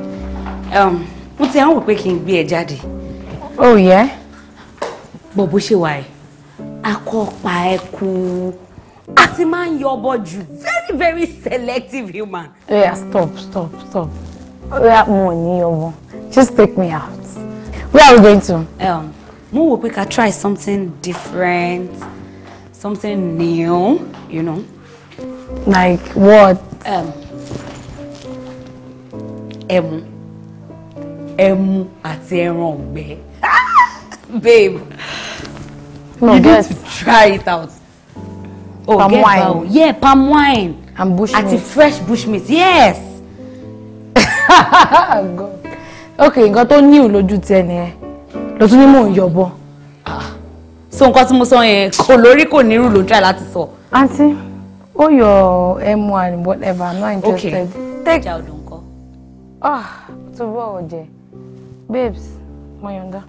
Um, mo ti hàn wò pé kí n gbé ẹ jáde. oh yeah. bọ̀ bó ṣe wà ẹ́ akọ́pa ẹ kú a ti máa ń yọ jù very very selective human. oya oh, stop stop stop oya oh, mo ní ọmọ just take me out where are we going to. Um, mo wò pé ká try something different something new you know. like what ẹmu ẹmu àti ẹran ọ̀gbẹ́ babe no, you guess. need to try it out. Oh, palm get wine. Out. Yeah, palm wine. And bush àti meat. fresh bush meat yes. Oh, okay nǹkan tó new lójú tiẹ̀ nìyẹn ló tún ní mò ń yọ̀bọ. Ah. so nǹkan tí mo sọ yẹn kò lórí kò nírú ló ń try láti sọ. aunty Oh, your M1, whatever. I'm not interested. Okay. Take. Jao Ah, to what, Oje? Babes, my yonder.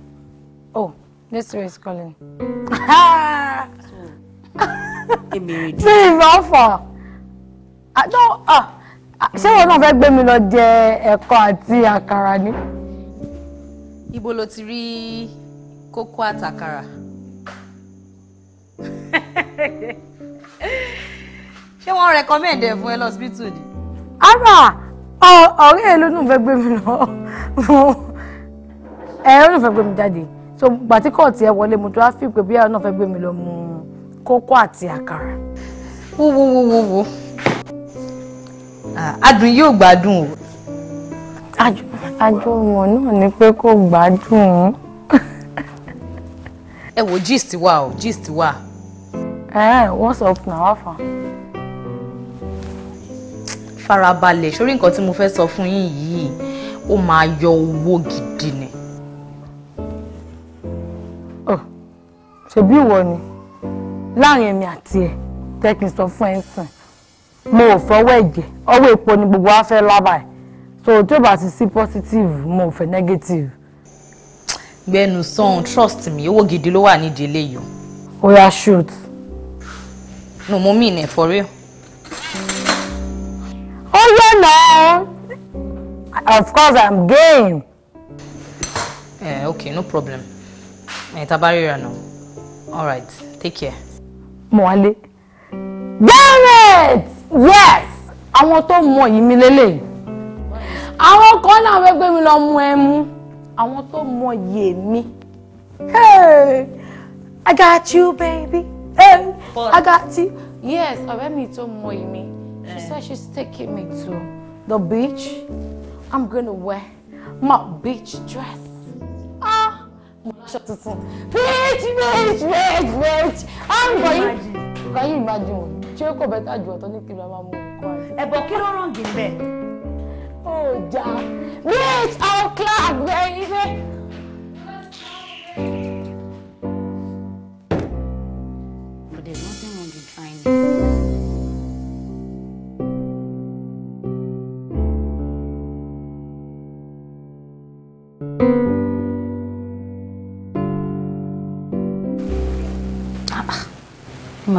Oh, this way is calling. Ah, ah, ah, ṣé ìrọ̀ offer. Ṣé wọn ah. fẹ́ gbé mi lọ jẹ ẹ̀kọ àti àkàrà ni? Ibo lo ti rí kókó àtàkàrà? ṣé wọ́n recommend ẹ̀ fún ẹ lọ́sibítù ni. ara ọ̀rẹ́ ẹ ló nù fẹ́ gbé mi lọ ẹ ló nù fẹ́ gbé mi jáde so gbàtí kọ́ọ̀tì ẹ wọlé mo tó á fi pé bí ẹ náà fẹ́ gbé mi lọ mu kókó àti àkàrà. wúwúwúwú adùn yóò gbádùn o. àjùmọ̀ náà ni pé kò gbádùn ún ẹ wo gist wa o gist wa. ẹ what's up na wá fa farabalẹ̀ sórí nǹkan tí mo fẹ́ sọ fún yín yìí ó máa yọ owó gidi ni. ṣebí ìwọ ni láàrin èmi àti ẹ jẹ́ sọ fún ẹ ń mo ò fọwọ́ ẹ̀jẹ̀ ọwọ́ epo ni gbogbo wa fẹ́ lábàá ẹ̀ so tí ó bá ti sí positive mo ò fẹ́ negative. gbẹnu sọhun trust me owó gidi ló wà nídìí eléyìí. oya shoot. no mo mean ẹ for real. Of course, I'm game. Yeah, okay, no problem. Eh, tabarira now. All right, take care. Mwale. Damn it! Yes! I want to yìí mi I want to náà now. gbé mi lọ mu ẹmu. Àwọn tó mọ yìí mi. Hey! I got you, baby. Hey! But, I got you. Yes, I mi tó mọ yìí mi. She said she's taking me too the beach, I'm gonna wear my beach dress. Ah, beach, beach, beach, beach. I'm going. Can you imagine? Ṣé kò bẹ́tà jù ọ̀tọ́ ní kìlọ̀ máa mú nǹkan rẹ̀? Ẹ̀bọ̀ kí ló rán gì oh, beach, our club, baby.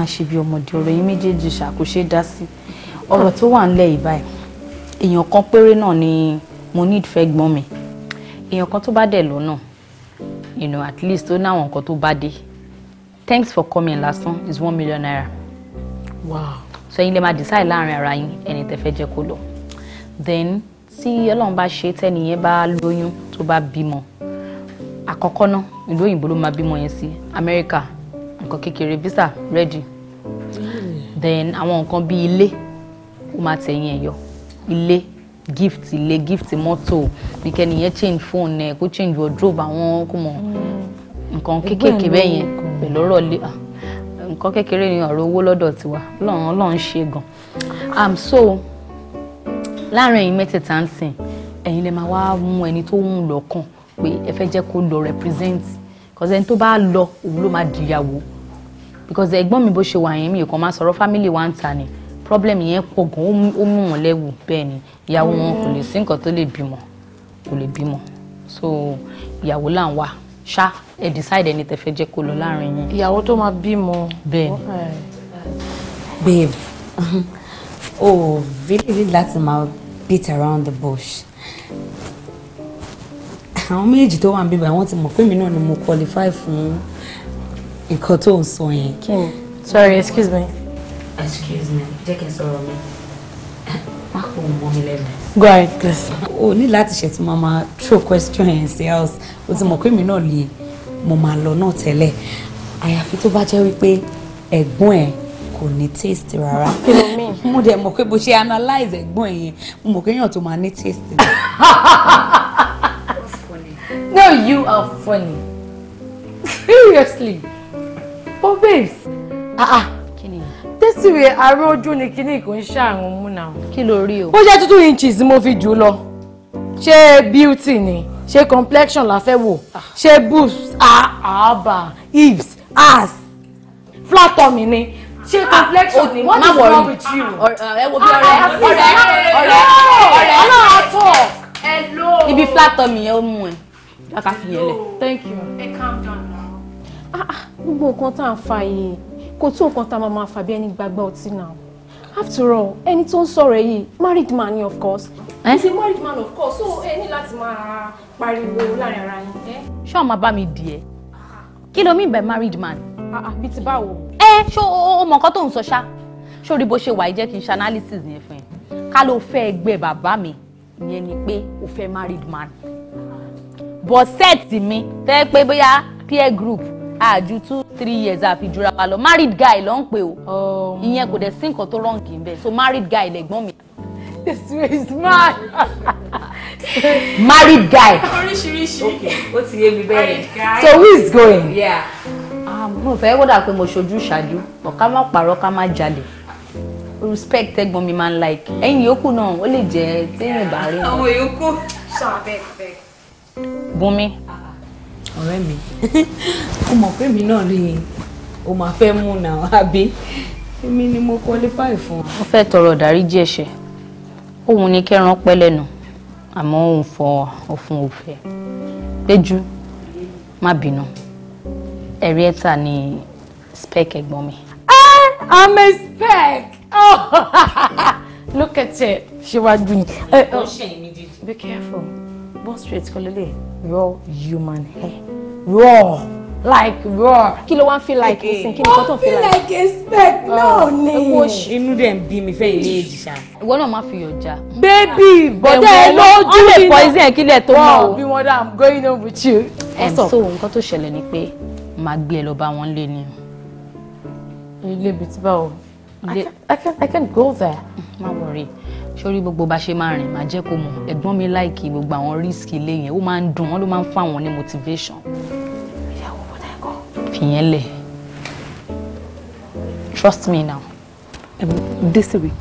máa ṣe bí ọmọdé ọ̀rọ̀ yìí méjèèjì ṣàkóṣe dá sí ọ̀rọ̀ tó wà ńlẹ̀ yìí báyìí èèyàn kan péré náà ni mo ní ìfẹ́ gbọ́n mi èèyàn kan tó bá dẹ̀ lọ́nà you know at least ó náwọn nǹkan tó bá dé thanks for coming lásán is one million naira. wow so ẹ̀yin lè máa decide láàrin ara yín ẹni tẹ́ fẹ́ kó lọ then tí ọlọ́run bá ṣe tẹ́niyẹn bá lóyún tó bá bímọ àkọ́kọ́ náà ìlú òyìnbó ló máa bímọ yẹn sí Amẹ́ríkà nǹkan kékeré visa ready then àwọn nǹkan bíi ilé ó máa tẹ̀yìn ẹ̀ yọ ilé gift ilé gift mọ́tò bí kẹ́ni yẹn change phone ẹ̀ kó change wardrobe àwọn kò mọ̀ nǹkan kékèké bẹ́ẹ̀ yẹn pẹ̀lú ọ̀rọ̀ lé ah, nǹkan kékeré ni ọ̀rọ̀ owó lọ́dọ̀ tiwa lọ́run ọlọ́run ṣe gan am um, so láàrin ẹ̀yin mẹ́tẹ̀ẹ̀ta ń sìn ẹ̀yin lè máa wá mú ẹni tó ń lọ́kàn pé ẹ fẹ́ jẹ́ kó lọ represent kọ́sẹ́ni tó bá lọ òun ló máa dìyàwó because ẹ̀gbọ́n mi bó ṣe wà yẹn mi kàn máa sọ̀rọ̀ family wa ń ta ni problem yẹn pọ̀ gan ó mú wọn lẹ́wù bẹ́ẹ̀ ni ìyàwó wọn kò lè sí nǹkan tó lè bímọ kò lè bímọ so ìyàwó là ń wà ṣá ẹ decide ẹni tẹ́ fẹ́ jẹ́ kó lọ láàrin yín. ìyàwó tó máa bímọ. bẹ́ẹ̀ ni. babe o oh, really láti máa beat around the bush àwọn méjì tó wà ń bíbẹ̀ àwọn ti mọ̀ pé mi náà ni mo qualify fún nǹkan tó ń sọ yẹn. Hmm. sorry excuse me. excuse me jẹ́ kí n sọ̀rọ̀ mi má kò mọ mi lẹ́nu. go ahead please. o ní láti ṣètò máa máa throw question yẹn sí house o ti mọ̀ pé mi náà lè mo máa lọ náà tẹ́lẹ̀ àyàfi tó bá jẹ́ wípé ẹ̀gbọ́n ẹ̀ kò ní taste rárá mo dẹ̀ mọ̀ pé bó ṣe analyze ẹ̀gbọ́n ẹ̀ yẹn mo mọ̀ pé èèyàn tó máa ní taste. no you are funny seriously oh babes ah ah tẹ́síwèé àárọ̀ ojú ni kíní kò ń ṣàrùn mú náà. kí ló rí o. ó jẹ́ two inches mo fi jù ú lọ beauty ni ṣé complexion la fẹ́ wò ah. ṣé boobs ah, àbà hips ass flat tummy ni ṣé ah, complexion ni what is wrong with you. Uh, ẹ wo bí ọ̀rẹ́ ọ̀rẹ́ ọ̀rẹ́ ọ̀rẹ́ ọlọ́run talk. ibi flat tummy yẹn ó mú ẹ lákàfíyẹlẹ. thank you. ẹ calm down. Ah, ah, gbogbo nǹkan tá à ń fa yìí kò tó nǹkan tá a máa fa bí ẹni gbàgbọ́ ọtí náà after all ẹni tó ń sọ̀rọ̀ yìí married man ni of course. ẹ eh? ṣe married man of course so ẹ ní láti máa pariwo láàrin ara yín. Eh? ṣé o máa bá mi dì ẹ kí ló mean by married man. àbí ah, ti báwo. Eh, ẹ ṣó o mọ nǹkan tó ń sọ ṣá sórí bó ṣe wà yìí jẹ́ kí n ṣe analysis yẹn fún ẹ ká ló fẹ́ ẹgbẹ́ bàbá mi ìyẹn ni pé o fẹ́ married man bọ̀ sẹ́ẹ̀tì mi fẹ́ pé bóyá peer group àjù two three years àfi jura wa lọ married guy ló ń pè o oh, mm. ìyẹn kò dẹ̀ sí nǹkan tó rọǹgì ń bẹ so married guy lẹ̀gbọ́n mi. this is mad. married guy. oríṣiríṣi ó ti yé mi bẹ́ẹ̀. so who is going. Yeah. Ah, mo fẹ́ kó dà pé mo ṣojú ṣáájú ọ̀ká má pààrọ̀ ká má jalè respect ẹ̀gbọ́n mi máa ń like ẹ̀yin yòókù náà ó lè jẹ́ téèyàn bá rí wọn. àwọn yòókù sọ abẹ́ẹ̀kẹ́. Bùnmi ọ̀rẹ́ mi ó mọ̀ pé mi náà rí i ó máa fẹ́ mú nà àbí èmi ni mo qualify fún ọ. mo fẹ́ tọrọ ìdáríjì ẹ̀ṣẹ̀ òun ni kẹ́ran pẹ́ lẹ́nu àmọ́ òun fọ ọ̀fun òfẹ́ péjú má bínú ẹ̀rí ẹ̀ta ni spec ẹ̀gbọ́n mi. Ah, I'm a spec oh, look at it ṣíwájú ni. ó ṣe ìmí dídì. be careful bọ́ straight kọ́lélẹ̀ raw human hair raw like raw. kí ló wá ń fi like ẹsìn kí ni kò fi like. ó fi like a spec ah, náà ni. owó inú dẹ̀ ń bí mi fẹ́ ilé èjì ṣá. ìwọ náà má fi ọjà. bébì bọ́dẹ̀ lójú mi ọ̀lẹ̀ poison kílẹ̀ tó mọ̀ o. bí wọ́n dà i'm going home with you. ẹ̀m so nǹkan tó ṣẹlẹ̀ ni pé màá gbé ẹ lọ bá wọn lé ni. ilé ibi tí báwo. I can, I can, go there. Mm, má worry. Sori gbogbo bá ṣe máa rìn máa jẹ́ kó mọ̀. Ẹ̀gbọ́n mi láìkì gbogbo àwọn risk ilé yẹn. Ó máa ń dùn, wọ́n ló máa ń fún ní motivation. Ìyàwó bọ̀dá ẹ̀kọ́. Fìyẹn lẹ̀. Trust me now. Désiré,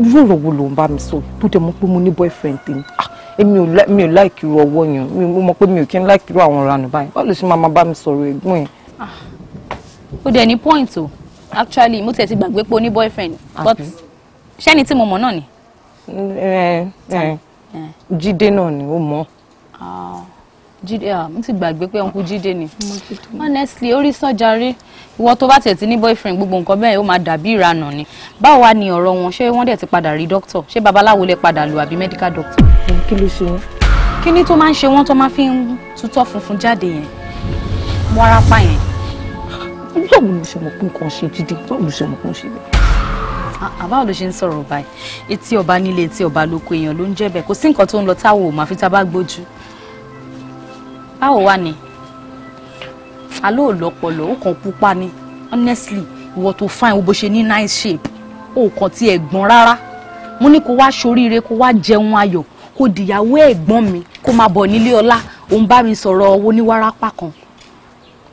irú ọ̀rọ̀ wo ló ń bá mi sọ tó dẹ̀ mọ́ pé mo ní boyfriend tèmi? Ah, èmi ò láìkì irú ọwọ́ yẹn. Mo mọ̀ pé mi ò kí ń láìkì irú àwọn ọ̀ràn báyìí. Báwo ṣe máa máa bá mi sọ̀rọ̀ ẹ̀gbọ́n yẹn? Ah, ó dẹ̀ ní point o actually mo tẹ̀ ti gbàgbé pé o ní boyfriend but ṣẹ́ni tí mo mọ̀ náà ni. Eh, eh, jíde náà ni ó mọ̀. Ah, jíde ah, mo ti gbàgbé pé òun jíde ni honestly orí sọ́jàre ìwọ tó bá tẹ̀ ti ní boyfriend gbogbo nǹkan bẹ́ẹ̀ ó máa dàbí ìranà ni báwo wá ni ọ̀rọ̀ wọn ṣé wọ́n dẹ̀ ti padà rí doctor ṣé babaláwo lè padà lù àbí medical doctor. Eh, kí ló ṣe wọn. kí ni tó máa ń ṣe wọn tó máa fi ń tutọ́ funfun jáde yẹn mo ara pa yẹn. Ah, ah, báwo ni mo ṣe mọ̀ pé nǹkan ṣe jíde báwo ló ṣe mọ̀ pé ó ṣe bẹ́ẹ̀. àbáwo ló ṣe ń sọ̀rọ̀ báyìí etí ọba nílé etí ọba lóko èèyàn ló ń jẹ́ bẹ́ẹ̀ kò sí nǹkan tó ń lọ táwo ò máa fi tá a bá gbójú. báwo wá ni aló ò lọ́pọlọ ó pupa ni honestly ìwọ tó fine o bó ṣe ní nice shape o kàn ti ẹ̀gbọ́n rárá mo ní kó wá ṣoríire kó wá jẹun ayọ̀ kó dìyàwó ẹ̀gbọ́n mi kó máa bọ̀ nílé ọlá òun bá mi sọ̀rọ̀ owó ní wárápá kan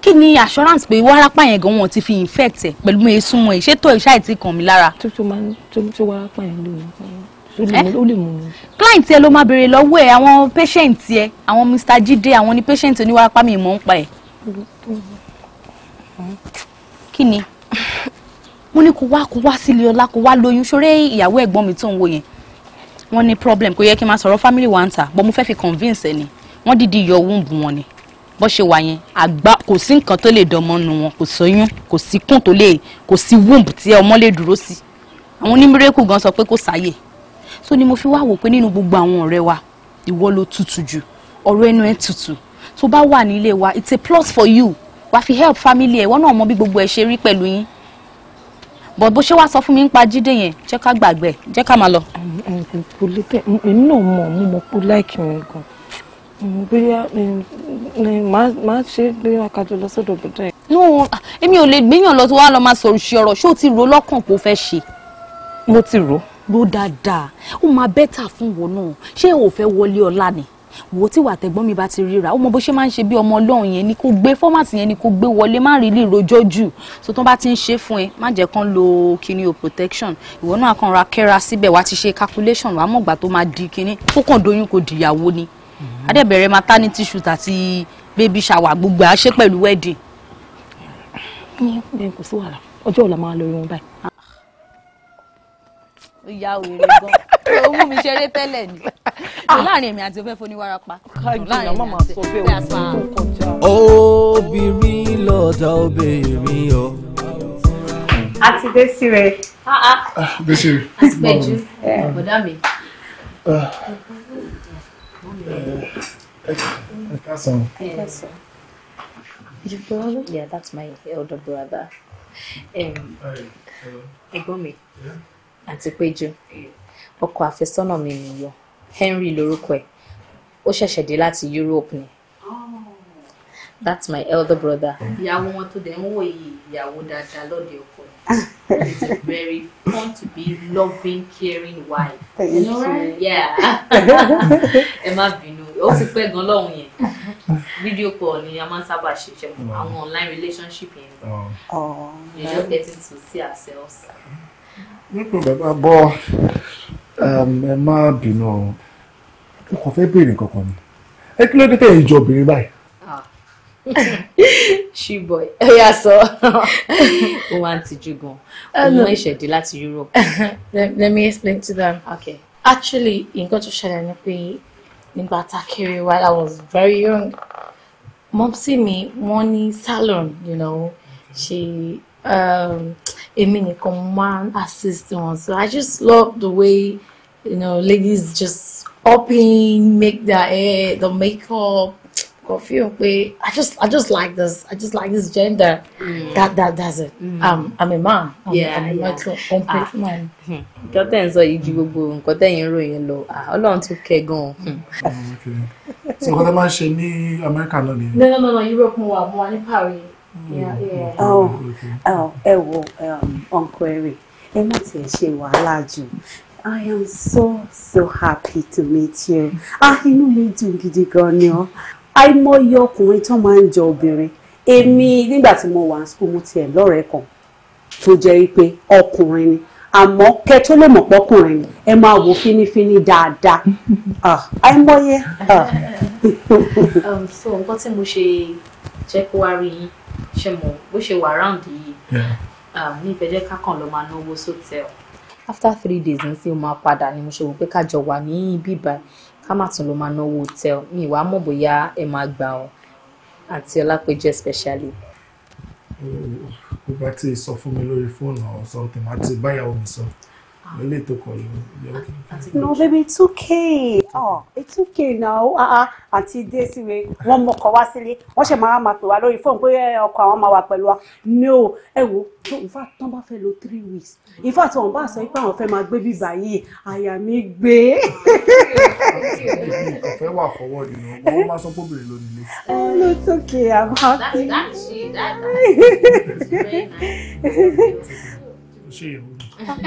kí ni assurance pé wárápá yẹn gan wọn ti fi infect ẹ pẹ̀lú mo esun wọn ìṣètò ìṣá ìtì kan mi lára. tó tó máa tó tó wárápá yẹn ló ní ó lè mú mi. client ẹ ló máa béèrè lọ́wọ́ ẹ àwọn patient ẹ àwọn Mr. Jide àwọn ni patient oníwárápá mi mọ̀ ń pa ẹ̀. kí ni mo ní kó wá kó wá sílé ọlá kó wá lóyún ṣoré ìyàwó ẹ̀gbọ́n mi tó ń wo yẹn wọ́n ní problem kò yẹ kí n máa sọ̀rọ̀ family wa ń tà bọ́ mo fẹ́ fi convince ẹ ni wọ́n dìde yọ wúǹbù wọn ni bó ṣe wà yẹn àgbà kò sí nǹkan tó lè dánmọ́ nu wọn kò sóyún kò sí kùn tó lè kò sí womb tí ọmọ lè dúró sí àwọn onímírèkù gan sọ pé kò sáyè so ni mo fi wá wò pé nínú gbogbo àwọn ọ̀rẹ́ wa ìwọ ló tutù jù ọ̀rọ̀ ẹnu ẹ tutù tó bá wà nílé wa it's a plus for you wàá fi help family ẹ wọn náà mọ bí gbogbo ẹ ṣe rí pẹ̀lú yín bọ̀ bó ṣe wá sọ fún mi nípa jíde yẹn jẹ́ ká gbàgbé jẹ́ ká máa lọ. èmi náà mọ̀ mo mọ̀ pé láìkì mi gan-an bóyá máa ṣe bóyá ká jọ lọ sọ́dọ̀ bọdọ ẹ. no èmi ò lè gbéyàn lọ tó wá lọ máa sọ̀rọ̀ sí ọ̀rọ̀ ṣé o ti rò lọ́kàn pé o fẹ́ ṣe. mo ti rò. rò dáadáa ó máa bẹ́tà fún wọn náà ṣé o fẹ́ wọlé ọlá ni wo tí wà tẹ̀gbọ́n mi bá ti ríra ó mọ bó ṣe máa ń ṣe bí ọmọ ọlọ́run yẹn ni kò gbé fọ́màtì yẹn ni kò gbé wọlé má rí lílo jọ́jú tó tán bá ti ń ṣe fún ẹ má jẹ́ kán lo kíní o protection ìwọ náà kàn ra kẹ́ra síbẹ̀ wá ti ṣe calculation wàá mọ̀gbà tó máa di kíní kó doyún kò dìyàwó ni a dẹ̀ bẹ̀rẹ̀ maternity shoot àti baby shower gbogbo àṣẹ pẹ̀lú wedding. bẹ́ẹ̀ kò sí wàhálà ọjọ́ ọ̀la máa lọ rí wọn báyìí. ó yá òwe gan owó mi ṣeré tẹ́lẹ̀ ni láàrin èmi àti ọfẹ́ foni warapa láàrin èmi àti ọfẹ́ àpá. obìnrin lọ́dọ̀ obìnrin o. a ti dé sí rẹ. Ah, ah. ah, dé sí rẹ. àti pẹ̀jú bọ̀dá mi. Kasson. Kasson. Your brother? Yeah, that's my elder brother. Um, Ẹ̀gbọ́n mi. Àti Péjú. Ọkọ àfẹ́sọ́nà mi nìyọ. Henry lorúkọ ẹ̀. Ó ṣẹ̀ṣẹ̀ dé láti Europe ni. Oh. That's my elder brother. Ìyàwó wọn tó dẹ̀ ń wò yìí ìyàwó dáadáa lọ́dẹ̀ ọkọ it's very fun to be loving, caring wife. Thank you. Know, right? Yeah. Ẹ má bínú, ó ti pẹ́ gan lọ́hùn yẹn. Video call ni a máa ń sábà ṣe ṣe mọ́ mm. àwọn online relationship yẹn. Mm. Oh. You just getting to see ourselves. Bàbá bọ́ um, ẹ má bínú ọ̀hún. Mo kàn fẹ́ béèrè kankan ni. Ẹ kí ló dé tẹ̀ ìjọ obìnrin báyìí? She boy, ẹ yà sọ ó wá ń tijú gan òun ah, ìṣẹ̀dí láti Europe. let me explain to them. okay. actually nǹkan tó ṣẹlẹ̀ ni pé nígbà tá a kéré while I was very young mọ́mísì mi wọ́n ní salon you know she um, èmi nìkan máa ń assist wọn so I just love the way you know ladies just upping make their hair the makeup kò feel pé i just i just like this i just like this gender mm. that that does it mm. um, i'm a man i'm, yeah, I'm a yeah. complete ah. man. Hmm. nǹkan tẹ̀ ń sọ yìí ju gbogbo nǹkan tẹ̀ yín ròyìn lọ ah, ọlọ́run tún kẹ́ gan-an. Hmm. Mm, so nǹkan tẹ́ máa ń ṣe ní amẹ́ríkà náà nìyẹn. no no no no europe mo wà mo wà ní paris. Mm, mm, oh, oh, ẹ wo um, uncle ere ẹ má tiẹ̀ ṣe wàhálà jù I am so so happy to meet you. Ah, inú mi dùn gidi gan ni o àìmọye ọkùnrin tó máa ń jọ obìnrin èmi nígbà tí mo wà ní school mo tiẹ̀ lọ́rẹ̀ẹ́ kan tó jẹ́ pé ọkùnrin ni àmọ́ kẹ tó lè mọ̀ pọ́kùnrin ni ẹ máa wò fínífíní dáadáa ah, àìmọye. Ah. Um, so nǹkan tí mo ṣe jẹ́ kó wá rí yín ṣe mọ̀ bó ṣe wà round yìí ní ìfẹ́jẹ́ um, kákan ló máa náwó sótẹ́ẹ̀lì. after three days ní sí mo máa padà ni mo ṣe wò pé ká jọ wà ní bíbá yìí ká má tún lọ máa náwó hotel mi ìwà mọ̀ bóyá ẹ máa gbà ọ́ àti ọlápẹjẹ especially. bó bá ti sọ fún mi lórí fóònù or something àti báyàwó mi sọ. Ah. No, baby, it's okay. Oh, it's okay now. Ah, uh àti -uh. dé síre, wọ́n mọ̀kọ̀ wá sílé, wọ́n ṣe máa máa pè wá lórí fóònù pé eh, ọkọ̀ àwọn máa No, ẹ wo, in fact, tán bá three weeks. In fact, wọ́n bá sọ pé àwọn fẹ́ baby by bíbá I am mi gbé. Ìkọ̀fẹ́ wà fọwọ́ ìnà, wọ́n máa sọ pọ́bìnrin lónìí lé. Ẹ ló oh, tókè àbá. That's that she, that that. Let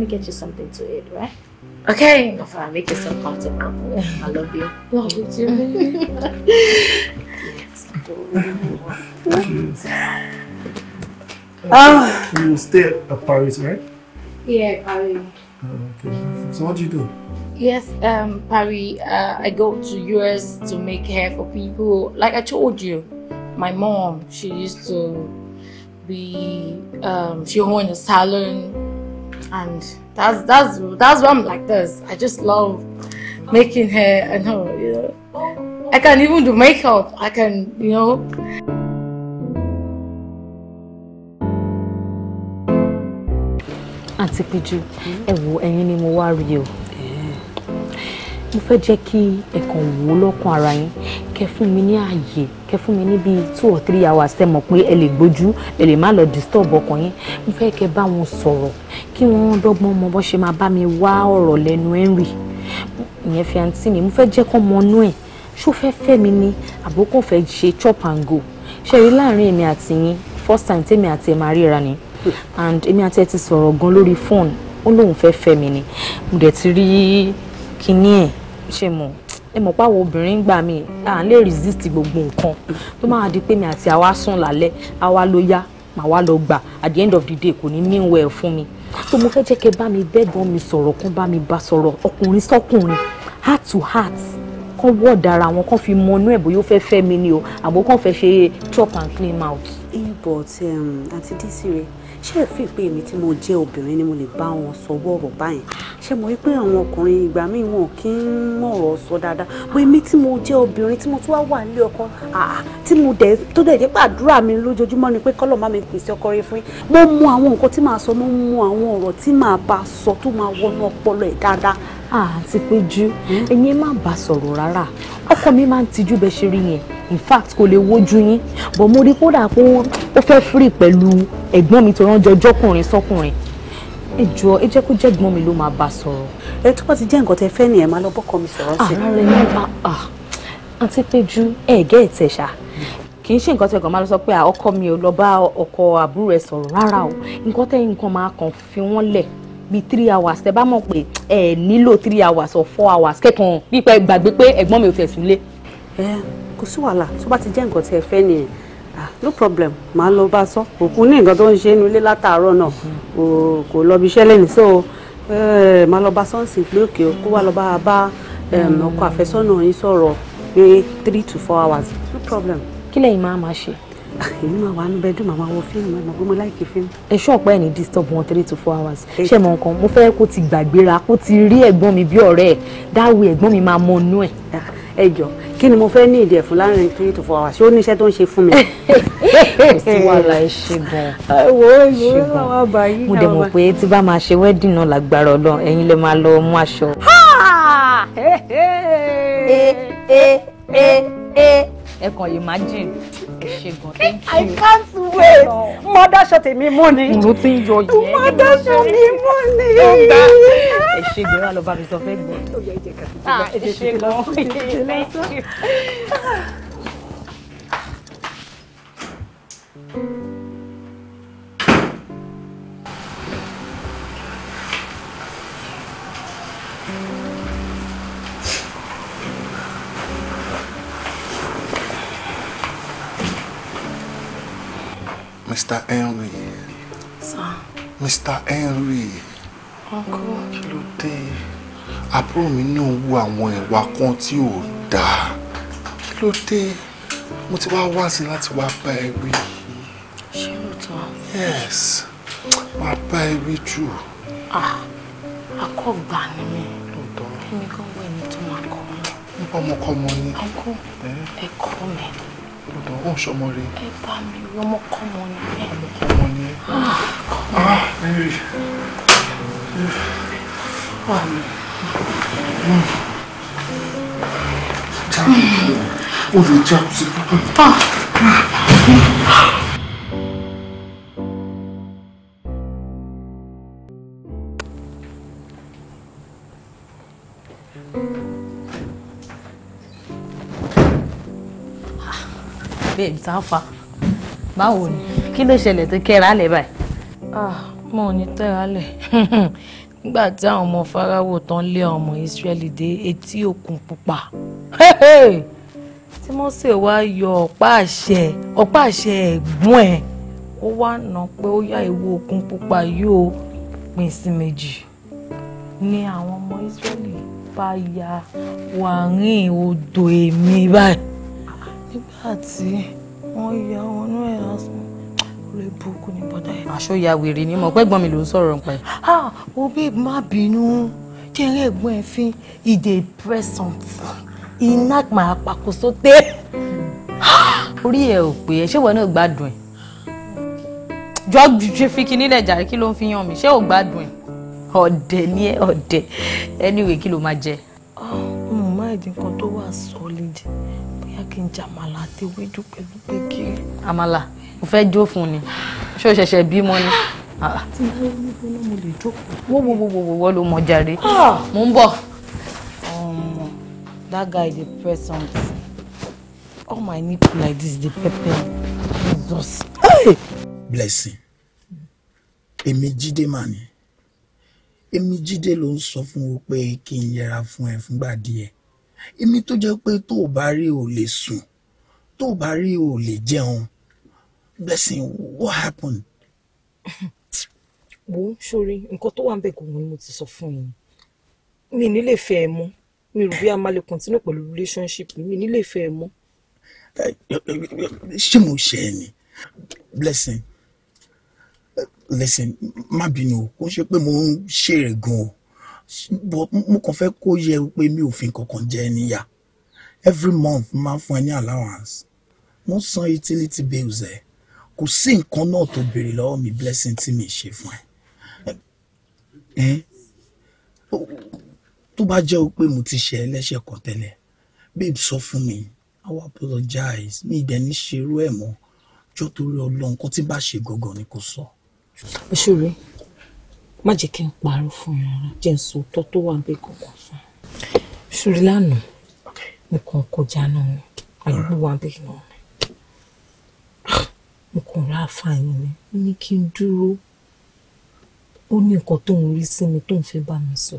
me get you something to eat, right? Okay. I make yourself comfortable. I love you. Love you too. oh. You stay at Paris, right? Yeah, Paris. Oh, okay. So what do you do? Yes, um, Paris, uh, I go to US to make hair for people. Like I told you, my mom, she used to be, um, she owned a salon, and that's that's that's why I'm like this. I just love making hair and her. You know, I can even do makeup. I can, you know. àǹtí Piju ẹ wo ni mo wá rí o mo fẹ́ jẹ́ kí ẹ̀kan wò ó lọ́kàn ara yín kẹ́ fún mi ní ààyè kẹ fún mi ní bíi two or three hours tẹ mọ̀ pé ẹ lè gbójú ẹ lè má lọ disturb ọkàn yín mo fẹ́ kẹ bá wọn sọ̀rọ̀ kí wọ́n dọ́gbọ́n mọ bó ṣe máa bá mi wá ọ̀rọ̀ lẹ́nu Henry ìyẹn fi àǹtí mi mo fẹ́ jẹ́ kọ́ mọ ẹ̀ ṣó fẹ́ fẹ́ mi ni àbókò fẹ́ ṣe chop and go ṣe rí láàrin èmi àti yín first time tèmi àti ẹ̀ máa ríra ni and èmi àti ẹ̀ ti sọ̀rọ̀ gan lórí fóònù ó lóun fẹ́ fẹ́ mi ni mo dẹ̀ ti rí kinní ẹ̀ ṣe mọ̀ ẹ mọ̀ páwọn obìnrin ń gbà mí à ń lè resist gbogbo nǹkan tó máa di pé mi àti àwa sùn lálẹ́ àwa ló yá màá wá lọ gbà at the end of the day kò ní mí wẹ̀ fún mi tó mo fẹ́ jẹ́ kẹ́ bá mi bẹ́gbọ́n mi sọ̀rọ̀ kán bá mi bá sọ̀rọ̀ ọkùnrin sọ́kùnrin heart to heart kán wọ́ọ̀dà ara wọn kán fi mọnú ẹ̀ bóyá ó fẹ́ fẹ́ mi ni o àbó kán fẹ́ ṣe chop and clean mouth. yeah but um, àti dísìrè ṣé ẹ fi pé èmi tí mo jẹ́ obìnrin ni mo lè bá wọn sọ wọ́ọ̀rọ̀ báyìí ṣé mo rí pé àwọn ọkùnrin ìgbà míì wọn kì í mọ̀rọ̀ sọ dáadáa pé èmi tí mo jẹ́ obìnrin tí mo tún wá wà nílé ọkọ tí mo dẹ̀ tó dẹ̀ jẹ́ pé àdúrà mi lójoojúmọ́ ni pé kọ́lọ̀ má mi pèsè ọkọ rẹ fún yín mo mú àwọn nǹkan tí màá sọ mo mú àwọn ọ̀rọ̀ tí màá bá sọ tó máa wọnú ọpọlọ ẹ̀ dáadáa àti péjú hmm. ẹ̀yin ẹ má bá sọ̀rọ̀ rárá ọkọ mi máa ń tijú bẹ ṣe rí yẹn in fact kò lè wojú yín but mo rí kódà pé ó fẹ́ free pẹ̀lú ẹ̀gbọ́n mi tó ránjọ jọkùnrin sọkùnrin ẹ jọ̀ọ́ ẹ jẹ́ kó jẹ́ ẹ̀gbọ́n mi ló máa bá sọ̀rọ̀. ẹ tó bá ti jẹ́ nǹkan tẹ fẹ́ nìyẹn máa lọ bọ́kọ mi sọ̀rọ̀ sí i. Ah, ààrẹ yẹn máa ah, àti péjú ẹ̀ẹ́gẹ́ ìtẹ̀ṣà kì í ṣe nǹkan tẹ́ kàn máa lọ sọ pé ọkọ mi ò lọ bá ọkọ àbúrò ẹ sọ̀rọ̀ rárá o nǹkan tẹ́ nǹkan máa kàn fi wọ́n lẹ̀ bíi three hours tẹ bá mọ̀ pé ẹ nílò three hours or four hours kẹ́kàn pípẹ́ gbàgbé pé ẹ̀gbọ́n mi ò tẹ̀ sílé. ẹ kò sí wàhálà tó bá ti jẹ́ nǹkan tí ẹ fẹ́ nìyẹn no problem màá lọ bá sọ òkun ní nǹkan tó ń ṣe inú ilé látàárọ̀ náà kò lọ bí iṣẹ́ lẹ́nu so màá lọ bá sọ́ọ̀sì pé òkè kó wá lọ bá a bá ọkọ àfẹ́sọ́nà yín sọ̀rọ̀ pé three to four hours no problem. kí lẹ́yìn máa máa ṣe Ah, èmi máa wà nínú bedroom màmá wo fíìmù ẹ̀ mọ̀ pé mo láìkí fíìmù. ẹ ṣọ́ọ̀pẹ́ ẹ̀ ní disturb wọn three to four hours ṣé mọ nǹkan mo fẹ́ kó ti gbàgbéra kó ti rí ẹ̀gbọ́n mi bí ọ̀rẹ́ ẹ̀ dáwọ ẹ̀gbọ́n mi máa mọnú ẹ̀. ẹ ah, jọ kí ni mo fẹ́ ní ìdí ẹ̀ fún láàrin three to four hours ṣé ó ní iṣẹ́ tó ń ṣe fún mi. kò sí wàhálà ẹ ṣe gan. Ah, wo ìlú ńlá wa bá yí náà. mo dẹ̀ mọ̀ pé tí bá máa ṣe wedding náà lágbára Ọlọ́run ẹ̀yin lè máa lọ mú aṣọ. ẹ ẹ ẹ ẹ ẹ kàn yìí má jìn. I can't wait. Mother, dáṣọ me money. ni. Mo ti ń yọ yẹn. Mo dáṣọ mi mú ni. Ọ̀gá ẹ ṣe Mr. Henry. Sir. Mr. Henry. Uncle. Oh, Kí ló dé? Àbúrò mi ní òun wo Da. ìwà kan tí ò dáa. Kí ló dé? Mo Yes. My baby, true. wí jù. Ah, akọ́gbà ni mí. Lóòótọ́. Ẹnì kan wọ ẹni tó máa kọ́ mi. Nípa ọmọkọ́mọ ni. Uncle, eh? ẹ kọ́ mi olùdó ó ń ṣọmọ rẹ. ẹ bá mi rí ọmọkọmọ ni ẹ. ọmọkọmọ ni ẹ. ah rírì. Ah, hmm. jáde ó lè jáde. ẹ̀ ń sáfà báwo ni kí ló ṣẹlẹ̀ tó kẹ́ra lẹ̀ báyìí. Ah, mo ò ní tẹ́ra lẹ̀ nígbà tí àwọn ọmọ fáráwò tán lé àwọn ọmọ ìsírẹ́lì dé etí òkun pupa tí wọ́n sì wá yọ ọ̀pá àṣẹ ọ̀pá àṣẹ ẹ̀gbọ́n ẹ̀ ó wá nà pé ó yá ìwo òkun pupa yóò pín sí méjì ni àwọn ọmọ ìsírẹ́lì bá ya wàárín odò èmi báyìí nígbà tí wọ́n ya ọ̀nà ẹ̀ lásán lórí burúkú ní bọ́dá ẹ̀. aṣọ ya wèrè ni mo pẹ́gbọ́n mi ló ń sọ̀rọ̀ nípa ẹ̀. ah obi má bínú kí n lè gbọ́n ẹ fi ìdè present iná máa pàkóso té. orí ẹ ò pé ẹ ṣé ìwọ náà gbádùn ẹ jọ ṣe fi kinní lẹ̀ jàre kí ló ń fi yan mi ṣé ò gbádùn ẹ ọ̀dẹ̀ ni ẹ ọ̀dẹ̀ anyway kí ló máa jẹ. ọmọ máa di nǹkan tó wà solid kí n jàmàlà àti ewédú pẹ̀lú gbẹ̀gìrì. àmàlà mo fẹ́ jó fún ni ṣé o ṣẹ̀ṣẹ̀ bímọ ni. tí n bá rí níbo náà mo lè jókòó. wo wo wo wo wo ló mọ jàre ah! mo ń bọ̀. ọmọ um, that guy dey press something all my nipple like this dey pepper jesus. blessing èmi jíde mà ni èmi jíde ló ń sọ fún o pé kí n yẹra fún ẹ fúngbà díẹ̀ èmi tó jẹ́ pé tó o bá rí o lè sùn tó o bá rí o lè jẹun blessing what happened. wo sori nǹkan tó wà ń bẹ kò wọn ni mo ti sọ fún yín mi ní lè ẹ mọ́ mi rò bí a máa lè relationship mi ní lè fẹ́ ẹ mọ́. Eh, eh, eh, ṣé mo ṣe ẹ ni blessing listen má bínú o kò ṣe pé mo ń ṣèrè gan o mo kàn fẹ́ kó yẹ pé mi ò fi kankan jẹ níyà every month máa ń fún ẹ ní allowance wọ́n san utility bills ẹ̀ kò sí nǹkan náà tó béèrè lọ́wọ́ mi blessing tí mi ṣe fún ẹ tó bá jẹ́ o pé mo ti ṣe ẹlẹ́ṣẹ̀ kan tẹ́lẹ̀ babe sọ fún mi i will apologize mi ìdẹ̀ ní ṣerú ẹ̀ mọ́ jọ́ torí ọlọ́run kan tí bá ṣe gangan ni kò sọ. òṣèré má jẹ́ kí n parọ́ fún ẹ rárá jẹ́ n sọ òótọ́ tó wà ń bẹ kọ̀ọ̀kan fún ẹ. ṣùrí lánàá mo kàn kọjá náà ni àdúgbò wa ń bẹ náà ni mo kàn rá àfààní mi ó ní kí n dúró ó ní nǹkan tó ń rí sí mi tó ń fẹ́ bá mi sọ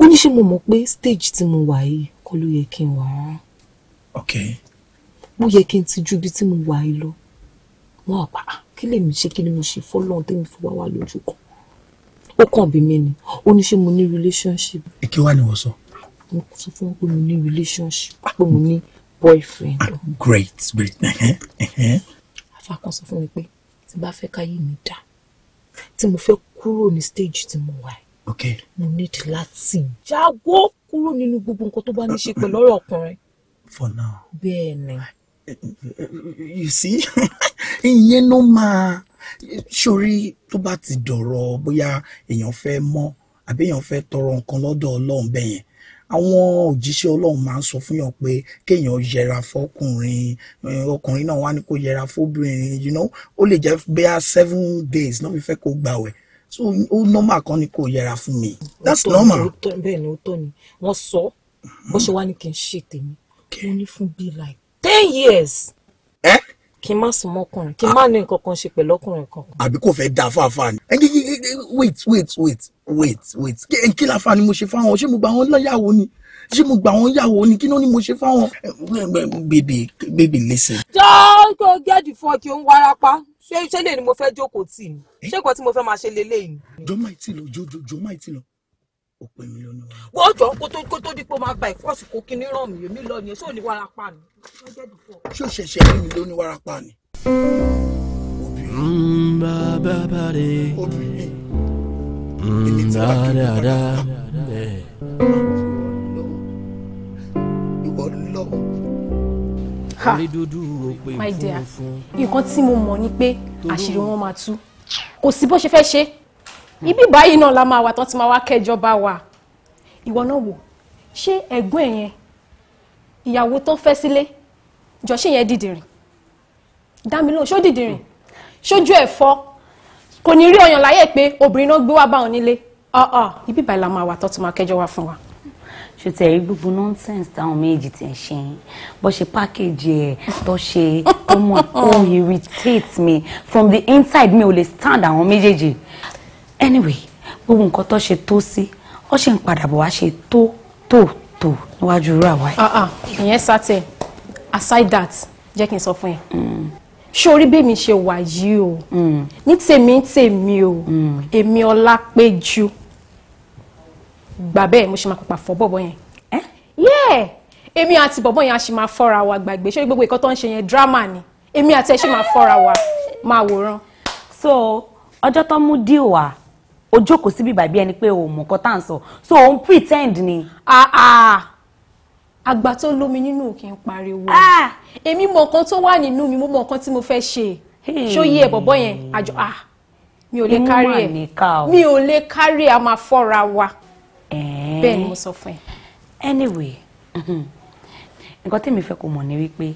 ó ní ṣé mo mọ̀ pé stage tí mo wà yìí kọ́ ló yẹ kí n wà rárá. okay. ó yẹ kí n ti ju ibi tí mo wà yìí lọ wọn àpá ah, kí lèmi ṣe kí ni mo ṣe fọlọ́run tẹ́mi fi wá wà lójú kan ó kàn bí mi ni ó ní ṣé mo ní relationship. èké wá ni wọ́n sọ. mo sọ fún wọn pé mo ní relationship pé mo ní boyfriend. Ah, great great. afakun sọ fún mi pé tí bá fẹ́ káyé mi dá tí mo fẹ́ kúrò ní stage tí mo wà yìí mo nídìí láti jáwọ́ kúrò nínú gbogbo nǹkan tó bá ní ṣe pẹ̀lú ọ̀rọ̀ ọkùnrin. for now. bẹ́ẹ̀ ni. Eh, eh, eh, you see ìyẹn ló máa sórí tó bá ti dọ̀rọ̀ bóyá èèyàn fẹ́ mọ́ àbí èèyàn fẹ́ tọrọ nǹkan lọ́dọ̀ ọlọ́run bẹ́yẹn àwọn òjíṣẹ́ ọlọ́run máa ń sọ fún yàn pé kéèyàn yẹra fọkùnrin eh, ọkùnrin náà wá ní kó yẹra fóbìnrin you know ó lè jẹ́ bẹ́ẹ̀ seven days náà fi fẹ́ kó gbàwẹ̀ so ó normal kan ni kò yẹra fún mi that's normal. bẹ́ẹ̀ ni ó tọ́ ni wọ́n sọ bó ṣe wá ní kí n ṣe tèmi mo ní fún bíi like ten years. Eh? kí n má sùn mọ́kùnrin kí n má ní nǹkan kan ṣe pẹ̀lú ọkùnrin kan. àbí kò fẹ́ da fáfá ni. wait wait wait wait wait kí láfa ni mo ṣe fáwọn ṣé mo gbà wọn láyàwó ni ṣé mo gbà wọn yàwó ni kí ló ní mo ṣe fáwọn. baby baby listen. jọ́ kó gẹ́ẹ̀dì fún ọ kí n warapa ṣé ṣé lè ni mo fẹ́ jókòó tì ní eh? ṣé nǹkan tí mo fẹ́ máa ṣe lélẹ́yìn. jọ́mọ̀ ìtì lọ jọ́mọ̀ ìtì lọ ó pè mí lónìí. wọ́n jọ kó tó kó tó dípò máa gba ìfọ́sùn kó kíní ràn mí èmi lọ yẹn ṣé ò ní wàrà pa mi ṣé o ṣẹ̀ṣẹ̀ rí mi lóní wárápá ni. my dear nǹkan tí mo mọ̀ ni pé àṣírí wọn máa tú kò sí bó ṣe fẹ́ ṣe ibi báyìí náà la máa wà tán ti máa wá kẹjọba wa ìwọ náà wò ṣé ẹ̀gbọ́n ẹ̀ ìyàwó tó fẹ́ sílé jọ̀ṣẹ́ yẹn dìde rìn dámi lóhùn ṣó dìde rìn ṣójú ẹ̀ fọ́ kò ní rí ọyàn láyè pé obìnrin náà gbé wá bá òun nílé ọ̀ọ̀ ah, ah. ibi ìbàyìí la máa wà tó ti máa kẹjọ wá fún wa. ṣùtì ẹ̀rí gbogbo nonsense táwọn méjì ti ń ṣe bó ṣe package ẹ̀ tó ṣe tó mọ̀ ó irritate me from the inside mi ò lè stand àwọn méjèèjì anyway gbogbo nǹkan tó ṣe tó sí ó ṣe ń padà bọ̀ wá ṣe tó tó tó níwájú irú àwa yìí. Ah, ìyẹn sátẹ̀ aside that jẹ́ kí n sọ fún ẹ ṣé orí bèmi ṣe wà yìí o hmm. ní tèmi ń tèmi o hmm. èmi Ọlápéjú gbà bẹ́ẹ̀ mo ṣe máa pàpà fọ́ bọ̀bọ̀ yẹn yeah èmi àti bọ̀bọ̀ yẹn a ṣì máa fọ́ra wa gbàgbé ṣé gbogbo nǹkan tó ń ṣe yẹn drama ni èmi àti ẹ̀ ṣì máa fọ́ra wa máa wòran. so ọjọ́ tó mú díò wá o jókòó síbi bàbí ẹni pé o mọ̀ tá à ń sọ so òun pretend ni. ah ah àgbà tó lómi nínú kì í pariwo ah! èmi mọ nǹkan tó wà nínú mi mo mọ nǹkan tí mo fẹ́ ṣe hmm. ṣó yí ẹ bọ̀bọ̀ yẹn àjọ ah mi ò lè kárí ẹ mi ò lè kárí ẹ a máa fọ́ra wa bẹ́ẹ̀ ni mo sọ fún ẹ. anyway mm-hmm. nǹkan tèmi fẹ́ kó mọ̀ ni wípé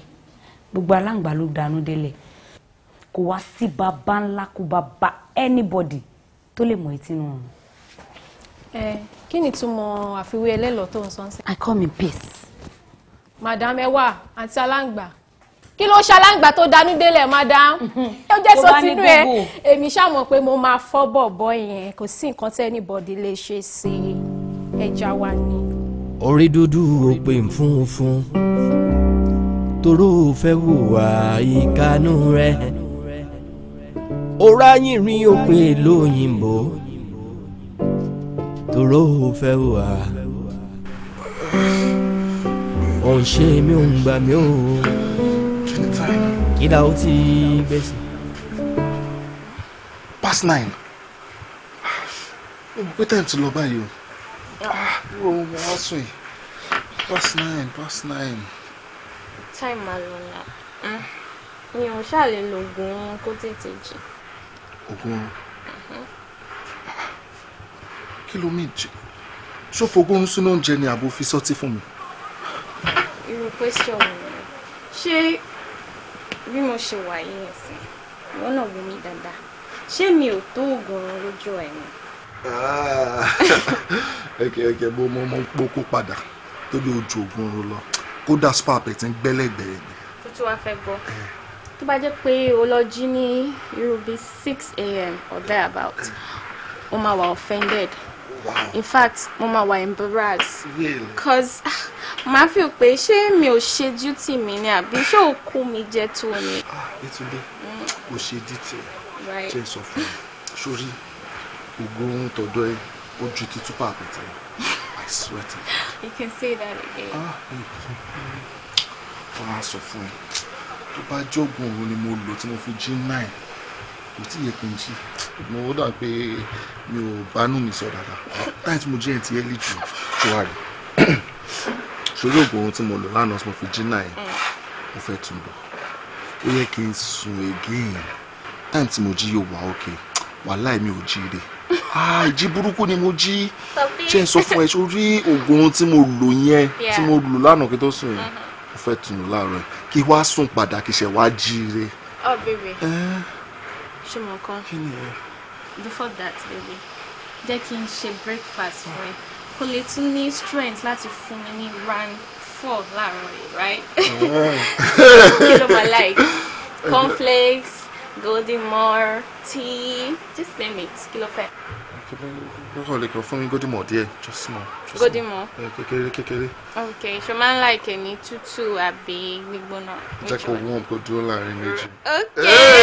gbogbo aláǹgbá ló danú délẹ̀ kò wá sí bàbá ńlá kó bàbá anybody tó lè mọ etí nù ẹ kí ni túmọ̀ àfiwé ẹlẹ́lọ́ tó ń sọ ń sìn. I come in peace madam ẹ wà àǹtí aláǹgbà kí ló ṣaláǹgbà tó danú délẹ̀ madam ẹ jẹ́ sọ sínú ẹ èmi ṣàmọ̀ pé mo máa fọ́ bọ̀bọ̀ yẹn kò sí nǹkan tẹ́ anybody lè ṣe sí ẹja wa ni. orí dúdú ò pè ń funfun toró fẹ́ hùwà ìkanú rẹ̀ òrá yìnrìn ò pè lóyìnbó toró fẹ́ hùwà ò ń ṣe mí ò ń past nine mo time ti lọ báyìí o ìròyìn ah, mo wá past nine past nine. time ma lọ la hmm. mi ò ṣàlè lo oògùn oorun kó tètè jí. oògùn oorun kí ló mi jẹ fi sọtí fún irú question mi rẹ̀ ṣé bí mo ṣe wà yìí nìsín ìwọ náà wù mí dáadáa ṣé mi ò tó oògùn oorun lójú ẹ̀ ni. ẹkẹ ẹkẹ bó mo mọ poko padà tó bí ojú oògùn oorun lọ kódà spa pẹ̀ ti ń gbẹ́lẹ́gbẹ̀ẹ́ ni. tó tún wá fẹ́ gbọ́ tó bá jẹ́ pé o lọ jí ní irú bíi six a.m. or thereabout o máa wà offended in fact mo máa wà embarrassed cause ah, màá fi pé ṣé mi o ṣe duty mi ni àbí ṣé ò kú mi jẹ tó ni. Ah, Yétúndé ò mm. ṣe duty Right. jẹ́ sọ fún mi sórí ògùn tọ̀dọ̀ ẹ ó ju ti túpà àpẹtẹ I swear to you. can say that again. Ah, á sọ fún ẹ tó bá jọ́gùn ni mo lò tí mo fi jí nine kò tí yẹ kí n ṣe mo dà pé mi ò bánú mi sọ dáadáa táyì tí mo jẹ́ ẹ̀ ti ẹ́ lè jù tó wà rí sórí oògùn ohun tí mo lò lánàá tí mo fi jí náà yẹn mo fẹ́ tún lò ó yẹ kí n sùn again táyì tí mo jí yóò wà ókè wàhálà mi ò jí rè ah, ìjí burúkú ni mo jí ṣe ń sọ fún ẹ sórí oògùn ohun tí mo lò yẹn tí mo lò lánàá kí tó sùn yẹn mm-hmm. mo fẹ́ tún lò láàárọ̀ kí wá sùn padà kí ṣe wá jí rè. ọ bèbè ṣé before that baby jẹ́ kí n ṣe breakfast fún ẹ kó lè tún ní strength láti fún mi ní round four láàárọ̀ yìí right. kí ló máa like cornflakes golden more tea just name it kí ló fẹ́ kíkọ́ lè kọ́ fún mi gódìmọ̀ díẹ̀ just small. gódìmọ̀ kékeré kékeré. ok ṣo máa ń láìkè ní tútù àbí gbígbóná. jẹ́ kó wọ́n kó dúró láàrin méjì. ok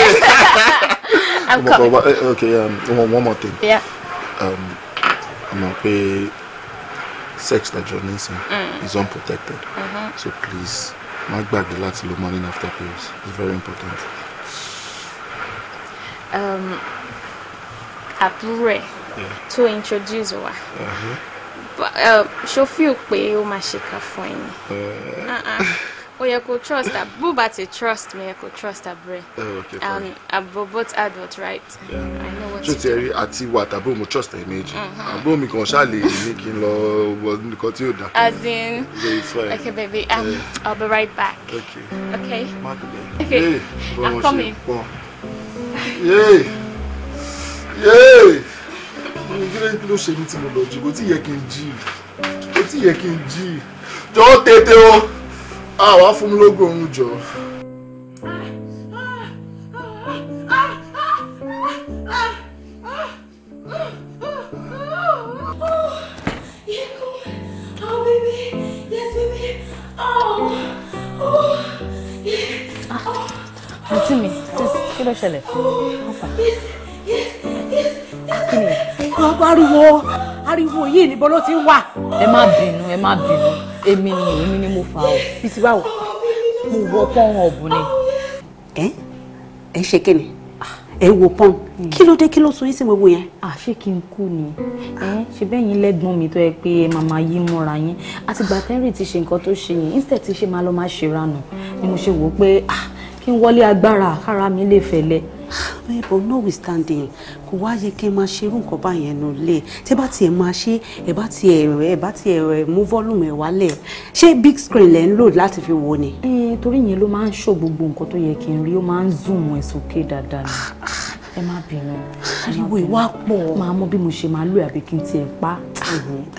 i'm coming. Eh, ok um, one more thing. Yeah. Um, àmọ́ pé sex na journey sin mm. is unprotected mm -hmm. so please má gbàgbé láti lo morning after pills it's very important. Um, àbúrò ẹ̀. To introduce wa uh-huh. uh, ṣó fíò pé ó máa ṣèkà fún ẹ ni uh. uh-uh. ó yẹ kó trust bó bá ti trust mi yẹ kó trust abúrẹ abo both adult right yeah. i know what to do. ṣé tiẹ̀ rí àti wà tàbí trust ẹ̀ méjì àbúrò mm-hmm. mi kàn ṣáà lè ní kí n lọ wọ nǹkan tí yóò dá. as in okay baby um, i'll be right back. okay okay okay, okay. i'm coming. Yeah. Yeah kí ló ṣe mí tí mo lọ jí kó tí yẹ kí n jí kó tí yẹ kí n jí jọ̀ọ́ tètè o àwa fún mi lógún oorun jọ. àǹtí mi kí ló ṣẹlẹ̀? ariwo ariwo yìí níbo ló ti wà. ẹ má bínú ẹ má bínú èmi ni èmi ni mo fà o. fi ti báwo. mo wọ pọ́n ọ̀bùn ni. ẹ ẹ ṣe kí ni ẹ wo pọ́n kí ló dé kí ló so yín sí gbogbo yẹn. àṣé kí n kú ni ṣe bẹ́ẹ̀ yín lẹ́gbọ́n mi tó yẹ pé màmá yín múra yín àti gbàtẹ́rì ti ṣe nǹkan tó ṣe yín instead ti ṣe máa lọ máa ṣèrànù ni mo ṣe wò ó pé kí n wọlé agbára kára mi lè fẹ̀lẹ́ bẹ́ẹ̀bọ̀ notwithstanding kò wá yẹ kí n máa ṣe irú nǹkan báyẹn nù lé tẹ́ bá tiẹ̀ máa ṣe ẹ̀ bá tiẹ̀ ẹ̀ bá tiẹ̀ mú volume ẹ̀ wálẹ̀ ṣé big screen lẹ́ ń lò láti fi wo ni. ẹ torí yẹn ló máa ń ṣò gbogbo nǹkan tó yẹ kí n rí ó máa ń zoom ẹ̀ sókè dáadáa ni ẹ má bínú. ariwo ìwà pọ̀. máa mọ bí mo ṣe máa lò àbí kí n tiẹ̀ pa.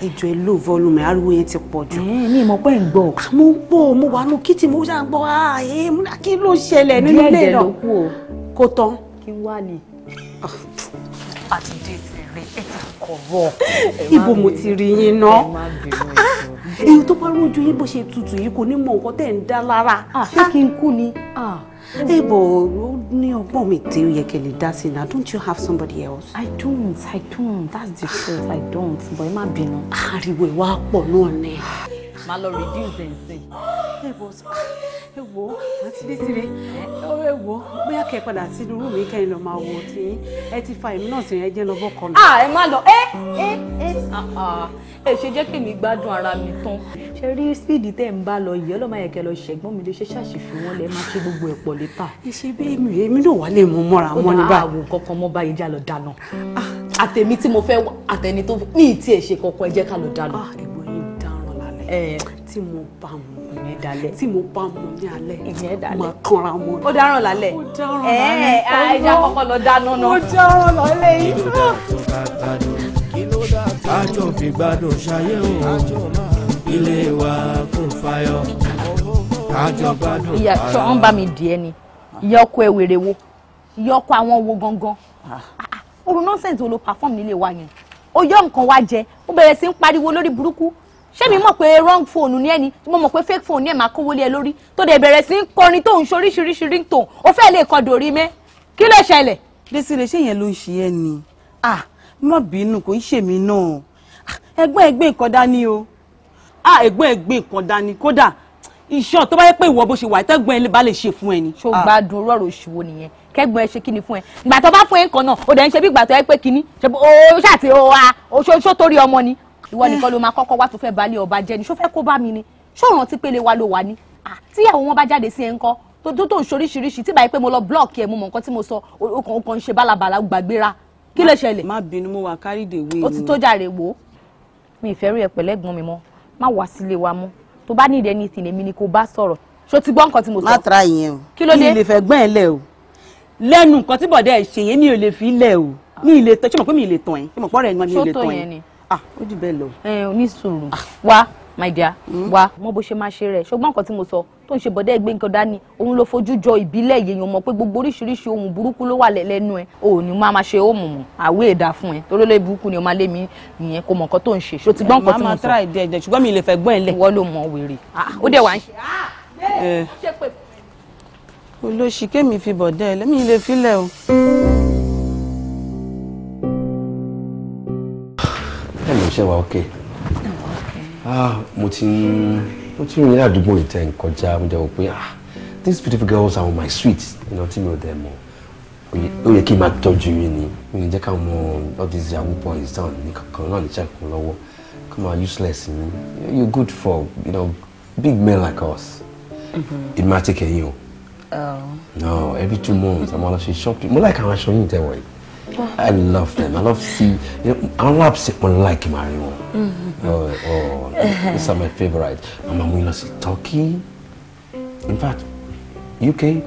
ẹjọ ẹ lò volume ariwo yẹn ti pọ̀ jù. mi ì mọ̀ pé ń gbọ́. Ah, mo ń gbọ́ mo wà nù kìtì mo ṣàǹgbọ́ ààyè ah, kí ló ṣẹlẹ̀ nínú ilé náà kó tán. kí wá ni. àti ah. déètì rẹ ẹ ti kọ̀ wọ̀. ibo mo ti rí yín ná. èyí tó bá rójú yín bó ṣe tutù yìí kò ní mọ nǹkan tẹ̀ ń dá lára. Ah. ṣé kí n kú ni. Ebo ah. ní ọgbọ́n mi tí ó yẹ kí lè dá sí na don't you have somebody else? I don't I don't that's the truth I don't but ẹ má bínú. Ariwo ìwà pọ̀ náà ni máa lọ reduce ẹ̀ sìn. ẹ wo ẹ wo bóyá kẹ́ padà sínú rúùmù yìí kẹ́yìn lọ máa wo ti ẹ ti fa èmi náà sìn ẹ jẹ́ lọ bọ́kọ mi. ẹ má lọ ẹ ẹ ẹ ẹ ṣe jẹ́ kèmi gbádùn ara mi tán. ṣe rí spíìdì tẹ́ ń bá lọ yìí ọlọ́mọ yẹn kẹ́ lọ ṣẹ̀gbọ́n mi lè ṣe ṣàṣìfì wọn lẹ máa ṣe gbogbo ẹ̀ pọ̀ létà. ìṣe bẹ́ẹ̀ mi èmi náà wà lè mú mọ́ra mọ́ ní báyìí. ó máa wò kankan mọ́ báyìí já lọ dáná ah. àtẹ̀mí tí mo fẹ́ àtẹni tó ní ìtì ẹ̀ ṣe kankan ẹ jẹ́ ká lọ dáná. Ah, tí mo bá mu ìyẹn dalẹ̀ tí mo bá mu ní alẹ́ mo, dalẹ̀ máa kanra mọ́ ni. ó dáràn lálẹ́ ó dáràn lálẹ́ ẹ ẹ ẹja kọ́kọ́ lọ dáná náà. ó dáràn lálẹ́ yìí. kí ló dá tó ká gbádùn kí ló dá tó. àjọ fi gbádùn ṣayé o ilé wa kún fáyọ àjọ gbádùn. ìyá sọ ń bá mi dì ni ìyá ọkọ ẹ wèrè wo ìyá ọkọ àwọn wo gangan ah. ah, ah, oru nọ́ọ̀sẹ̀ǹtì wo ló pàfọ́ọ̀mù nílé wa yẹn ó yọ nǹkan wá jẹ ó bẹ̀rẹ̀ sí ń pariwo lórí burúkú ṣé mi mọ̀ pé wrong phone ni ẹni mo mọ̀ pé fake phone ni ẹ̀ máa kówó lé ẹ lórí tó dẹ̀ bẹ̀rẹ̀ sí ń kọrin tóun ṣoríṣiríṣi ringtone ó fẹ́ lè kọ dòrí mẹ́ kí ló ṣẹlẹ̀. Desire ṣé yẹn ló ń ṣe ẹ ni ah má bínú kò ń ṣèmi náà ẹgbọ́n ẹ nǹkan dání o ah ẹgbọ́n ẹ gbé nǹkan dání kódà iṣan tó bá yẹ pé ìwọ bó ṣe wà tẹ̀gbọ́n ẹ bá lè ṣe fún ẹ ni. ṣó gbádùn rọrọ òṣìwò nìyẹn kẹ̀gbọ́n ẹ ṣe ni fún ẹ gbàtọ bá fún ẹ nǹkan náà ó dẹ̀ ń ṣe bí gbàtọ ẹ pé kíní ṣe ó ṣàtì ó wa ó ṣó torí ọmọ ni ìwọ nìkan ló máa kọ́kọ́ wá tó fẹ́ balẹ̀ ọba jẹ́ ni ṣó fẹ́ kó bá mi ni ṣó rántí pélé wa ló wà ní tíyàwó wọn bá jáde sí ẹ ńkọ́ tó tó ń ṣoríṣiríṣi tí báyìí pé mo lọ blọọkì ẹ mo mọ nǹkan tí mo sọ o kàn ń ṣe bálabàla gbàgbéra kí ló ṣẹlẹ̀. má bínú mo wà carry the way. ó ti tó jàre wò ó mi ìfẹ́ rí ẹ pẹ̀lẹ́gbọ́n mi mọ́ má wá sílé wa mọ́ tó bá need anything èmi ni kò bá sọ̀rọ̀ ṣó ti gbọ́ nǹkan tí mo sọ. má tra ìyẹn o kí ló dé mi ì lè fẹ́ gbọ́n ẹ lẹ̀ o lẹ́nu nǹkan tí bọ̀dẹ́ ẹ̀ ṣe yẹn mi ò lè fi lẹ̀ o mi ì lè tán ṣé mo pé mi ì lè tán ẹ̀ ṣé mo pọ́ rẹ̀ ni mo ì lè tán ẹ̀ ah ó jù bẹ́ẹ̀ lọ. ẹ ò ní sùúrù ah, wá my dear hmm? wá mọ bó ṣe máa ṣe rẹ ṣùgbọ́n nǹkan tí mo sọ tó ń ṣe bọ̀dẹ́ ẹgbẹ́ nǹkan dání òun ló fojú jọ ìbílẹ̀ yẹ̀yàn mọ̀ pé gbogbo oríṣiríṣi ohun burúkú ló wà lẹ́nu ẹ̀ o ò ní máa ma ṣe ó mọ̀ mọ̀ àwé ẹ̀dá fún ẹ torí ló burúkú ni o máa lé mi ìyẹn kò mọ̀ nǹkan tó ń ṣe ṣó ti gbọ́ nǹkan tí mo sọ. màá ma tra ìdí ṣùgbọ́n mi ì lè fẹ́ gbọ́n ẹ̀ lẹ̀. wọ́n ló mọ wèrè ah, ó dẹ̀ wá ń ṣe. Ah, eh. olóṣì kémi fi bọ̀dẹ́ ṣe wà ok ah, mo ti mo ti rìn ní àdúgbò ìtẹ̀ nkọjá mo jẹ́ wò pé ah these beautiful girls are my street You know, mi ò dẹ̀ mọ̀ ó yẹ kí n máa tọ́jú yín ni mi ò jẹ́ ká mọ all these yahoo boys down ní kankan náà lè ṣàkóso lọ́wọ́ come on useless ni you good for you know big men like us mm-hmm. it ma take ẹyin o oh. no every two months àwọn aláṣẹ shopping mo like àwọn aṣọ yìí tẹ̀wọ̀ yìí. I love them. I love see. You know, I love second like Mario. mm mm-hmm. oh, oh, these are my favorite. Mama Mila Turkey. In fact, UK,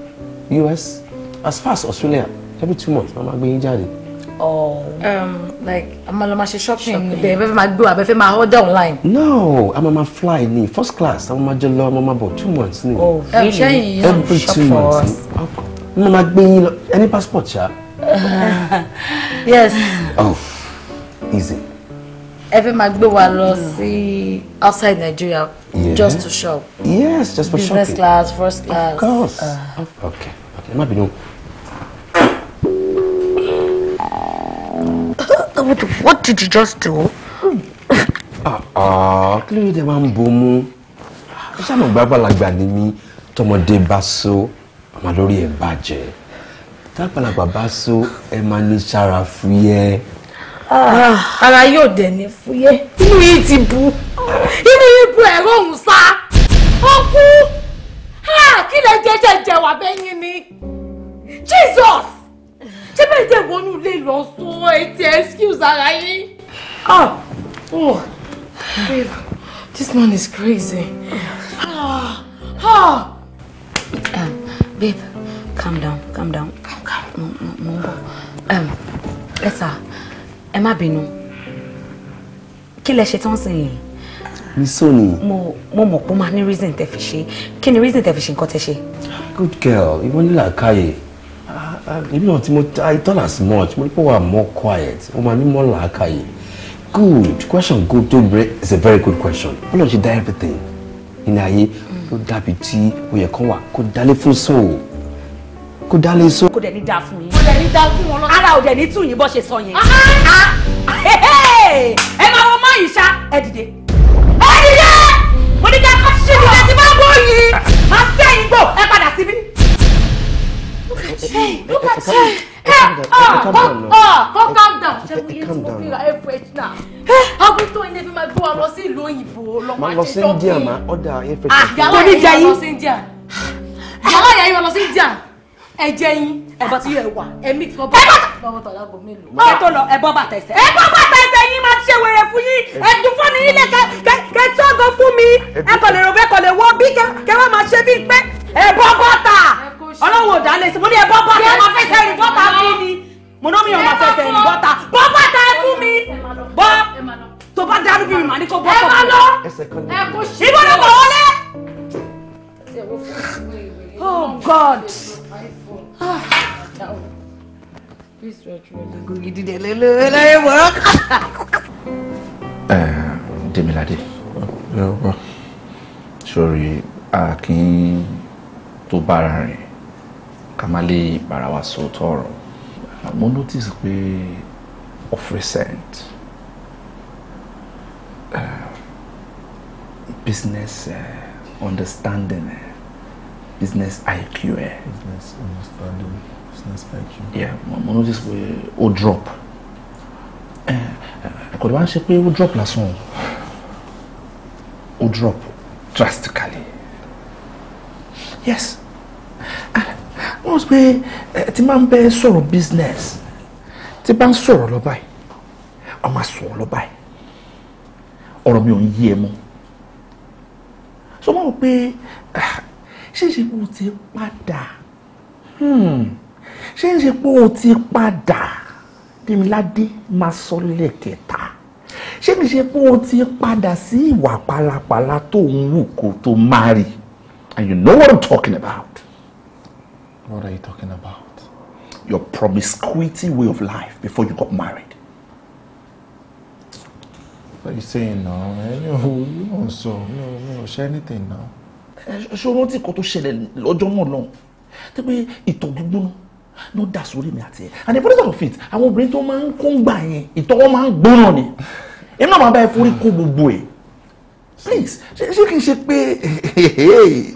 US, as far as Australia, every two months, Mama gbé yín jáde. Oh. Um, like, I'm gonna shopping. shopping. Babe, if my do, order online. No, I'm gonna fly ni first class. I'm gonna jolo, I'm gonna two months Oh, really? Every two months. Mama gbé yín lọ. Any passport, yeah? yes. oh easy. Every fẹ́ máa gbé wa outside Nigeria yeah. just to shop. yes just for business shopping. business class first class. of course. Uh, okay okay má bínú. what did you just do? Ah ah. Clearly máa ń bomú ṣé àmọ́ baba ni mí tọmọdé bá so àmọ́ lórí ẹ̀ tágbàlagbà bá so ẹ máa lè ṣara fúyẹ́. Ah, ara yóò dẹ̀ ní fúyẹ́ inú yìí ti bu inú yìí bu ẹ̀rọ òun sá ó kú ah, kí lè jẹjẹ jẹwà bẹ́yìn ni Jesus ṣé bẹ́ẹ̀ jẹ́ wọnú ilé lọ sọ etí excuse ara yín. ah oh babe this man is crazy. ah ah. Um, babe calm down calm down mo ń bọ̀ ẹ sà ẹ má bínú kí lẹ ṣe tán sìn yìí. riso ni. mo mo mo. pé ó máa ní reason tẹ fi ṣe kí reason tẹ fi ṣe nǹkan tẹ ṣe. good girl ìwọ ní làákàyè ah, ah, èmi náà tí mo i thought as much mo ní pé more quiet ó máa ní more làákàyè good question good To break is a very good question ọlọ́run you die everything In aye, ló mm. dàbí tí oyè kan wà kó dálé fún sóò kò dá lè so. kò dẹ̀ ní dá fún yín. kò dẹ̀ ní dá fún wọn lọ. ara ò dẹ̀ ní tún yín bọ́ ṣe sọ yẹn. Ah! ẹ máa wọ mọ́ yìí ṣá ẹ dìde. ẹ dìde mo ní ká kọ́ ṣíṣe ìdílé tí bá wọ yìí. a fẹ́ yín gbò ẹ padà síbí. look at you look at you. Come calm down. Ah, ah, Ṣé mo yẹ tí mo fi ra air fresh náà? Agbótó ilé fi máa gbé wa lọ sí ìlú òyìnbó lọ máa ṣe shopping. Máa lọ sí India máa ọ̀dà air fresh. Àyàwó yẹn lọ sí India. Àyàwó yẹn lọ sí India ẹ jẹ yín ẹbọ tí ẹ wà ẹ mix bọ bọ tọ lágbo mélòó. ẹ tó lọ ẹ bọ bàtà ẹsẹ̀. ẹ bọ bàtà ẹsẹ̀ yín máa ṣe wèrè fún yín ẹ dùn fún mi ilé kẹ tí ọgọ fún mi ẹ kò lè rò bẹ́ẹ̀ kò lè wọ bí kẹ wọ́n máa ṣe bí pé ẹ bọ bàtà ọlọ́wọ́ ọ̀dà lè sọ mo ní ẹ bọ bàtà ẹ máa fẹ́ sẹ́yìn bọ́tà fún mi mo náà mi ò máa fẹ́ sẹ́yìn bọ́tà bọ́ bàtà ẹ fún mi bọ́ tó bá dárúbí mi mà ní kó bọ́ bọ́ bọ́ ẹ kó ṣe ìbọn náà bọ̀ Oh God. Demilade sori a kì í tó bára rìn ká má lè bára wa sòótọ́ ọ̀rọ̀ mo notice pé of recent eh, business eh, understanding. Eh, business IQ ẹ. Eh? business understanding business IQ. yeah mo notice pé ó drop eh, kò lè wá ń ṣe pé ó drop lásán ó drop drastically yes wọ́n sọ pé eh, tí máa ń bẹ sọ̀rọ̀ business tí bá ń sọ̀rọ̀ lọ báyìí a máa sọ̀rọ̀ lọ báyìí ọ̀rọ̀ mi ò ń yé ẹ mọ́ so wọ́n rò pé ah, ṣé ṣe pé o ti padà hmm. ṣé ṣe pé o ti padà Dèmiládé máa sọ lẹ́kẹ̀ta ṣé kìí ṣe pé o ti padà sí ìwà pálapàla tó ń wù kó tó máa rí and you know what I'm talking about. What are you talking about? Your promiscuity way of life before you got married. What are you saying now? You don't say anything now ṣé o rántí nǹkan tó ṣẹlẹ̀ lọ́jọ́ náà lọ́hùn tí pé ìtọ̀ gbígbóná ló dà sórí mi àti ẹ̀ and the president of it àwọn obìnrin tó máa ń kó ń gbà yẹn ìtọ́wọ́ máa ń gbóná ni èmi náà máa bá ẹ forí kó gbogbo ẹ̀ please ṣé ṣé kìí ṣe pé.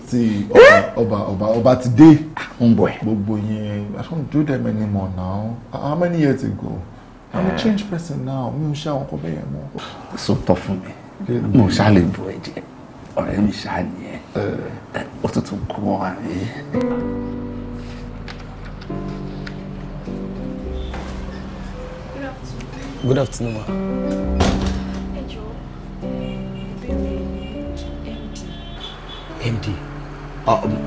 ti eh? ọba ọba ọba ti dé ah, gbogbo yẹn i don't do them anymore now ah, how many years ago i'm a eh. changed person now mi ò ṣe àwọn ọkọ bẹ́ẹ̀ yẹn mọ́. so tough fún mi mo ṣáà lè bu ẹ̀jẹ̀ ọ̀rẹ́ mi Good afternoon, ma. Ẹ jọ̀ọ́, ìbéèrè ni MD. MD?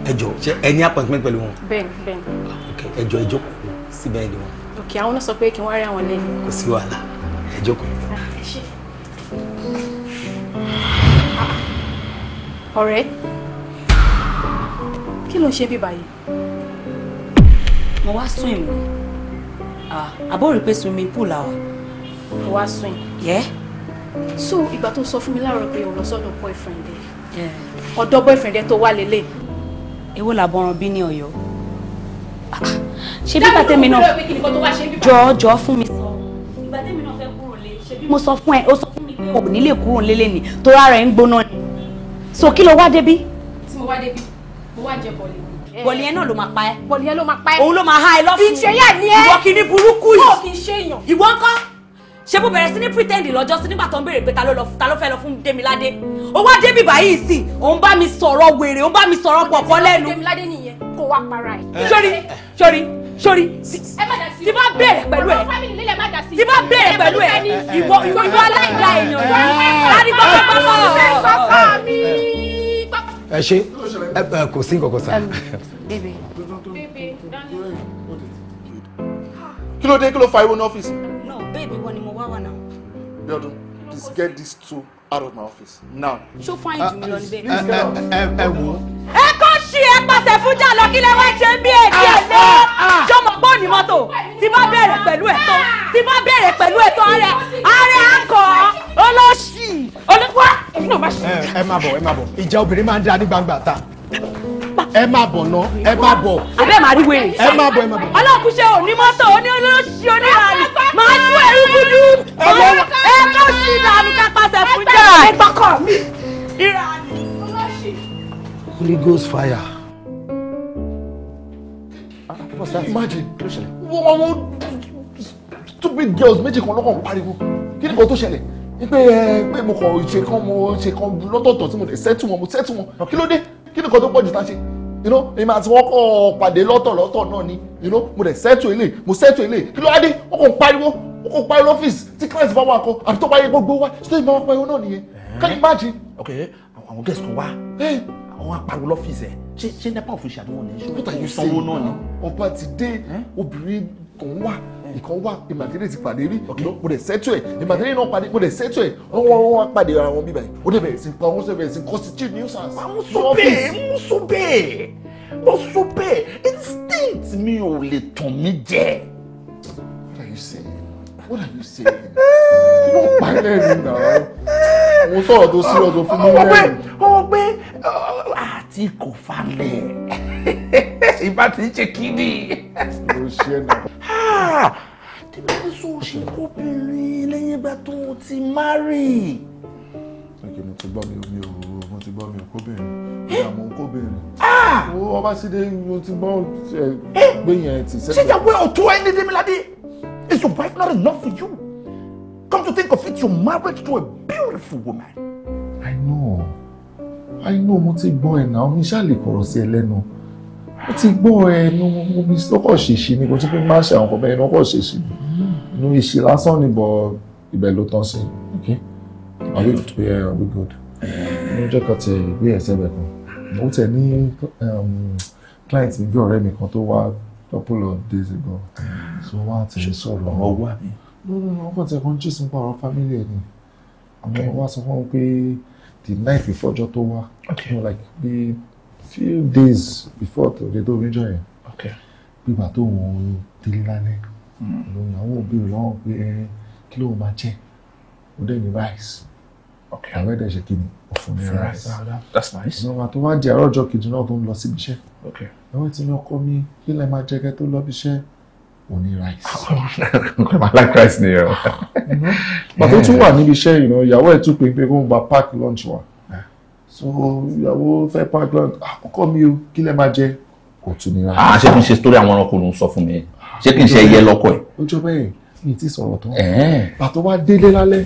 Ẹ jọ̀ọ́, ṣé ẹ ní appointment pẹ̀lú wọn? Bẹ́ẹ̀ni, bẹ́ẹ̀ni. Ok, ẹ jọ̀ọ́, ẹ jókòó síbẹ̀ ẹ̀dẹ̀ wọn. Ok, àwọn náà sọ pé kí wọ́n rí àwọn lẹ́yìn. Kò sí wàhálà, ẹ jókòó. Ah, ẹ ṣé. ọ̀rẹ́ kí ló ń ṣe bí báyìí. mo wá sún ìmọ̀ àbó rí pé swimming pool àwà. mo wá sún ìmọ̀. so ìgbà tó sọ fún mi láàárọ̀ pé òun lọ sọ́dọ̀ boyfriend ẹ̀ ọ̀dọ̀ boyfriend ẹ̀ tó wà lélẹ̀. èwo làbọ̀ràn bí ní ọ̀yọ́ ah, ah, ṣe bí bàtẹ́ mi náà jọ̀ọ́ jọ̀ọ́ fún mi sọ ìgbà tẹ́mi náà fẹ́ kúrò lé ṣe bí mo sọ fún ẹ ó sọ fún mi pé òun nílé kúrò lélẹ̀ ni tó rárá ẹ̀ ń gbóná ni so kí ló wá débí. tí mo wá débí mo wá jẹ bọ̀lì eh, bọ̀lì yẹn náà ló máa pa ẹ́. bọ̀lì yẹn ló máa pa ẹ́. òun ló máa há ẹ lọ́fun. ìṣẹ́yà ni ẹ́. ìwọ kì í ní burúkú yìí. kò kì í ṣe èèyàn. ìwọ kọ́ ṣé mo bẹ̀rẹ̀ sí ní pretend lọ́jọ́ sí nígbà tó ń béèrè pé ta ló fẹ́ lọ fún Demilade O wá débi báyìí sí òun bá mi sọ̀rọ̀ wèrè òun bá mi sọ̀rọ̀ pọ̀pọ̀ lẹ́nu. Demilade nìyẹn kó wá para ẹ̀. sori sori sori tí bá bẹ̀rẹ̀ pẹ̀lú ẹ̀ tí bá bẹ̀rẹ̀ pẹ̀lú ẹ̀ ìwọ ìwọ ìwọ aláìda èèyàn yìí ariwo pápá mi. ẹ ṣe kò sí nǹkan kan sá. kí ló dé kí ló fa iwo ní ọ́fíìsì. no babe ìwọ ni mo wá wà náà. bí ọdún please get these two out of my office now. ṣó fún àyè jùmí lọ níbẹ̀. ẹ wo. ẹ kọ́ ṣí ẹ pàṣẹ fún jà lọ kí lè wá ṣe bí èdè ẹ̀ náà mi mọ́tò tí bá bẹ̀rẹ̀ pẹ̀lú ẹ̀tọ́ tí bá bẹ̀rẹ̀ pẹ̀lú ẹ̀tọ́ rẹ̀ ààrẹ akọ olóṣì olùkọ́. ẹ má bọ̀ ẹ má bọ̀ ìjà obìnrin máa ń dá ní gbangba ta ẹ má bọ̀ ná ẹ má bọ̀. abẹ́ màá rí wèrè. ẹ má bọ̀ ẹ má bọ̀. ọlọ́kùn ṣe onímọ́tò oníolóṣì oníranì máa tú ẹrú gúdú. ẹ kọ́ sí ìdààmú kápásẹ̀ fún jẹ́. ẹ mi. ìranì olóṣì. Holy Ghost fire what's that imagine kí ló ṣẹlẹ̀. wọ́n àwọn stupid girls méjì kan lọ́kàn pariwo kí ni kò tó ṣẹlẹ̀ pé ẹ pé mo kàn ṣe kan mo ṣe kan lọ́tọ̀ọ̀tọ̀ tí mo lè ṣẹ́tù wọn mo ṣẹ́tù wọn kí ló dé kí ni kò tó pọ̀ jù tá a ṣe you know èmi àti wọn kọ pàdé lọ́tọ̀ lọ́tọ̀ náà ni you know mo dẹ̀ sẹ́tù ilé mo sẹ́tù ilé kí ló wá dé wọ́n kò pariwo wọ́n kò pariwo lọ́fíìsì tí client bá wà kọ àbí tó wáyé gbogbo wa ṣé ìmọ̀ wọn pariwo náà nìyẹn can you imagine. ok àwọn guest kan wá àwọn apariwo lọ́fíìsì ẹ̀ ṣé ṣé nepa òfin ṣàdúrà ní ṣé ó sanwó náà ni. ọba ti dé obìnrin kan wà ìkan wà ìmàdílé ti pàdé rí mo dẹ̀ sẹ́tù ẹ̀ ìmàdílé náà pàdé mo dẹ̀ sẹ́tù ẹ̀ wọ́n wọ́n wá pàdé ara wọn bíbáyìí ó dẹ̀ bẹ̀rẹ̀ sí pa wọ́n sẹ̀bẹ̀rẹ̀ sí constitute nuisance. mo sọ bẹ́ẹ̀ mo sọ bẹ́ẹ̀ mo sọ bẹ́ẹ̀ instinct mi ò lè tàn mí jẹ. what are you saying? What are you saying? You don't buy pa now. náà? Mo sọ̀rọ̀ tó sí ọ̀dọ̀ fún mi lẹ́rìn. Ọmọ pé uh, àti kò falẹ̀. Ìbá ti ń ṣe kíni. Mo ṣe náà. Ah, tèmi ní sọ ṣe kóbìnrin lẹ́yìn ìgbà tó o ti márì. Ṣèké mo ti gbọ́ mi omi òru mo ti gbọ́ mi ò kóbìnrin. Ìyàmọ̀ eh? ń kóbìnrin. Ah! Ọba Sídé mo ti gbọ́ gbé eh? yẹn ti sẹ́gbẹ̀ẹ́. Ṣé ìyàwó ẹ̀ ò tó ẹ́ ní Démiládé? Is your wife not enough for you? Come to think of it, you're married to a beautiful woman. I know. I know mo ti gbọ́ ẹ̀ náà mi ṣáà lè kọ̀rọ̀ sí ẹ lẹ́nu. Mo ti gbọ́ ẹ nu omi lọ́kọ̀ ṣèṣì ni kò tí fún máa ṣe àwọn ni bọ̀ ibẹ̀ Okay. Are we good? Yeah, are we good? No jẹ́ kan tẹ ìwé ẹ̀sẹ̀ bẹ̀ kan. Mo tẹ̀ ní um, client mi bí ọ̀rẹ́ couple of days ago so wá ti sọ̀rọ̀ ọ̀rọ̀ wà mí. ọkọ tí ẹ̀kọ́ ń jí sípa ọ̀rọ̀ family ẹ̀ ni àwọn wá sọ fún wọn pé the night before ọjọ́ tó wá like the few days before tòde tó méjọ yẹn gbígbà tó wọn délé lálẹ́ hmm. lóyún àwọn òbí rẹ̀ lọ́wọ́ pé kí ló máa jẹ́ ó dẹ̀ ní rice àwọn ẹ̀dẹ̀ ṣe kí ni ọ̀fun ní rice. that's nice. ìnáwó àtọ́wájẹ àárọ̀ kejì náà tó ń lọ síbi iṣẹ́ lọ́wọ́ tí ní ọkọ mi kí lẹ máa jẹ́gẹ́ tó lọ́bi iṣẹ́ òní rice. ọkọ máa like rice ni ẹ o. bàtà ó tún wà níbi iṣẹ́ ìrìnà ìyàwó ẹ̀ tún pé pé kó ń gba park lunch wa so ìyàwó fẹ́ park lunch ọkọ ah, mi o kí lẹ máa jẹ kò tún ní rice. àṣé ah, kí n ṣe story àwọn ọkọ ló ń sọ fún mi ṣé kí n ṣe ẹyẹ lọkọ ẹ. ó jọ bẹ́ẹ̀ mi ti sọ̀rọ̀ tán bàtà wá délé lálẹ́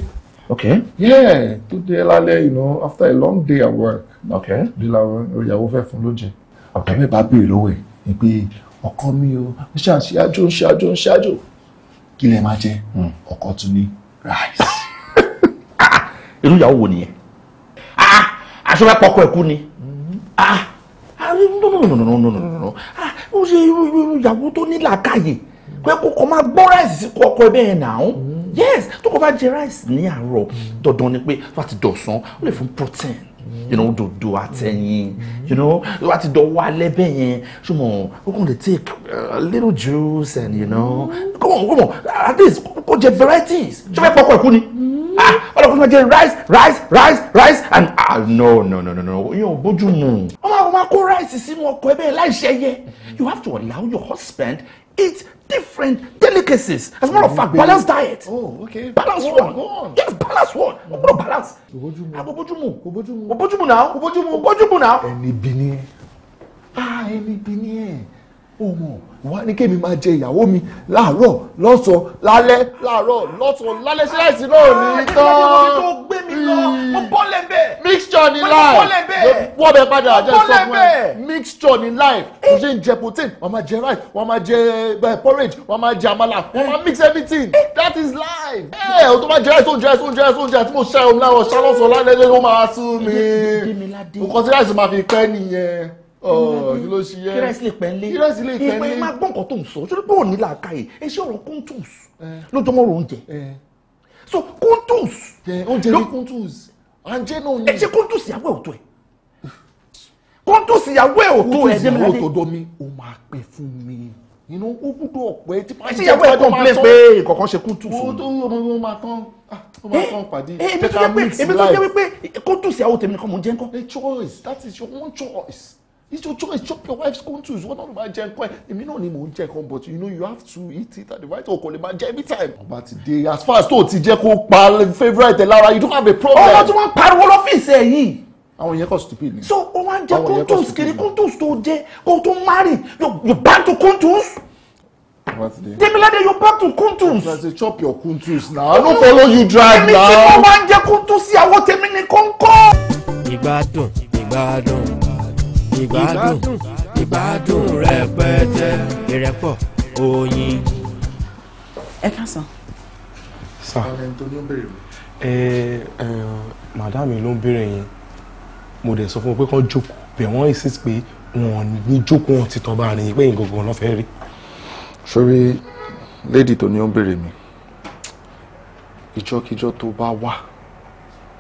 Okay. Yeah, tó dé lálẹ́, you know, after a long day at work. Okay. Bí làwọn ìyàwó fẹ́ fún lóúnjẹ bàbá mi bá béèrè lọ́wọ́ ẹ̀ ni pé ọkọ mi o ń ṣàṣáájú ń ṣáájú ń ṣáájú kí lẹ máa jẹ hmm. ọkọ tún ní rice. irú ìyàwó wo nìyẹn ah, ah, aṣọ bá pọkọ ẹkú ni ó ṣe ìyàwó tó ní làákàyè pé kò kọ́ máa gbọ́ rice kọ́ ọkọ ẹ bẹ́ẹ̀ náà hmm. yes tó kọ́ bá jẹ rice ní àárọ̀ hmm. dandan ni pé wọ́n ti dọ̀sán ó lè fún protein Mm. you know do do àtẹ̀yìn mm. you know what do dọ̀wọ́ alẹ́ bẹ́ẹ̀ yẹn ṣùgbọ́n ó kàn lè take a little juice and you know mm. come on come on at least kò get varieties ṣé we pọ́pọ́ ẹ̀kú ni ah all ọlọ́kùnrin máa get rice rice rice rice and ah no no no no no You know, bójú mu. ọmọ àwọn máa kó rice sínú ọkọ̀ ẹ bẹ́ẹ̀ láì ṣe ẹyẹ you have to allow your husband eat different delicacies. As a matter of fact, balanced diet. Oh, okay. Balance go on, one. Go on. Yes, balanced one. What gonna balance. Obojumu. I'm Obojumu. Obojumu. Obojumu now. Obojumu. Obojumu now. Ẹni bí ni ẹ́. Ah, ẹni bí òmò wọn ní kémi máa jẹ ìyàwó mi láàárọ̀ lọ́sàn lálẹ́ láàárọ̀ lọ́sàn lálẹ́ síláìsì náà ní ah, tán. ẹgbẹ́ tó gbé mi lọ hmm. mo bọ́ lẹ́bẹ̀. mixture ni life wọ́n bẹ padà jẹ́ sọ fún ẹ mixture ni life eh. kò ṣe ń jẹ protein wọ́n máa jẹ rice wọ́n máa jẹ eh, porridge wọ́n máa jẹ àmàlà wọ́n eh. máa mix everything that is life. ẹ ẹ o tó máa jẹ rice oúnjẹ rice oúnjẹ rice oúnjẹ àti mo ṣe ohun láwọn ṣáná sọ lálẹ́ lé ló máa sún mi nǹkan tí rice máa fi pẹ́ nìyẹn. Oh, mm-hmm. kí ló ṣe yẹ kírẹ́sì lè pẹ́ lé kírẹ́sì lè pẹ́ eh, lé ìpè máa gbọ́n nǹkan tó ń sọ ṣé pé òní là á ka yìí ẹ so kúntùs. Eh, oúnjẹ ní kúntùs àǹjẹ́ náà ni. ẹ ṣe kúntùs ìyàwó ẹ̀ ò tó ẹ̀ kúntùs ìyàwó ẹ̀ ń jẹ́ pé tó máa tán eh, pé tèmi nìkan mò ń a choice that is your own choice it's your choice chop your wife's own tools one of ló máa jẹ nǹkan ẹ èmi náà ni mò ń jẹ nǹkan but you know you have to eat it at the right ọkọ lè máa jẹ every time. ọba ti dé as far as tó ti jẹ́ kó pa favourite ẹ lára you don't have a problem. ọmọ tí wọ́n pariwo lọ́fíìsì ẹ̀ yìí àwọn yẹn kọ stupid ni. so o wa jẹ contours kiri contours tó jẹ kó tó marry you back to contours. Demilade you back to contours. I say chop your contours now I no follow you drive now. Èmi tí mo máa ń jẹ contours sí àwọn tèmi nìkan kọ́. Ìgbádùn ìgbádùn ìgbádùn ìgbádùn rẹpẹtẹ ìrẹ́pọ̀ oyin. ẹ káàsán. sà ẹ ẹ màdámì ló ń béèrè yẹn mo dẹ̀ sọ fún wọn pé kán jókòó bẹ̀ wọ́n insist pé wọn ní jókòó wọn ti tán bá rìn pé nǹkan kan fẹ́ rí. sori lady tó ní ó ń béèrè mi ìjọkíjọ tó bá wà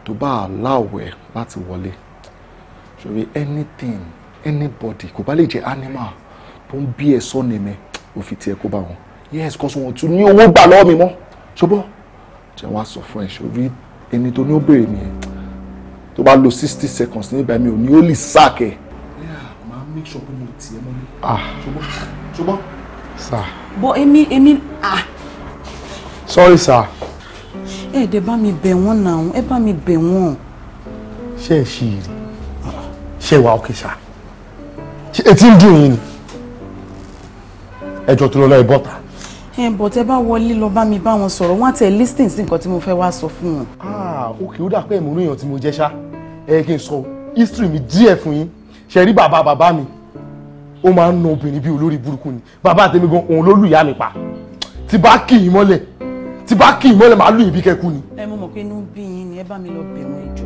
tó bá aláwẹ̀ láti wọlé sori anything anybody kò bá lè jẹ́ animal tó ń bí ẹ̀sọ́ ni mi ò fi tiẹ̀ kó bá wọn yes kọ́sùn wọn tún ní owó gbà lọ́wọ́ mi mọ́ ṣọbọ́ jẹ́ wọ́n á sọ fún ẹ ṣorí ẹni tó ní ó béèrè mi yẹn tó bá lo sixty seconds níbẹ̀ mi ò ní ó lè sack ẹ. máa make sure pé mo tiẹ̀ mọ́ mi ah. ṣọbọ́ ṣọbọ́. sir. bọ emi emi ah. sorry sir. ẹ ẹ̀ dẹ̀ bá mi bẹ̀ wọ́n náà ẹ bá mi bẹ̀ wọ́n. ṣé ẹ ṣì rí ṣé wàá ọkẹ́ sáà etí ń dùn yín ni ẹjọ́ tó lọ lọ ìbọ̀tà. ẹ bọ̀ tẹ bá wọlé lọ bá mi bá wọn sọ̀rọ̀ wọn àti ẹ̀ lísítìn sí nǹkan tí mo fẹ́ wá sọ fún wọn. òkè ah, ó dà pé ìmúlò èèyàn tí mo jẹ́ ṣá ẹ kí n sọ history mi díẹ̀ fún yín ṣe rí bàbá bàbá mi ó máa ń na obìnrin bíi olórí burúkú ni bàbá àtẹ̀mí gan òun ló lù ìyá mi pa tí bá kì í mọ́lẹ̀ tí bá kì í mọ́lẹ̀ máa lù yín bí ni. ẹ mọ̀ pé inú bí yín ni ẹ bá mi lọ bẹ̀ wọ́n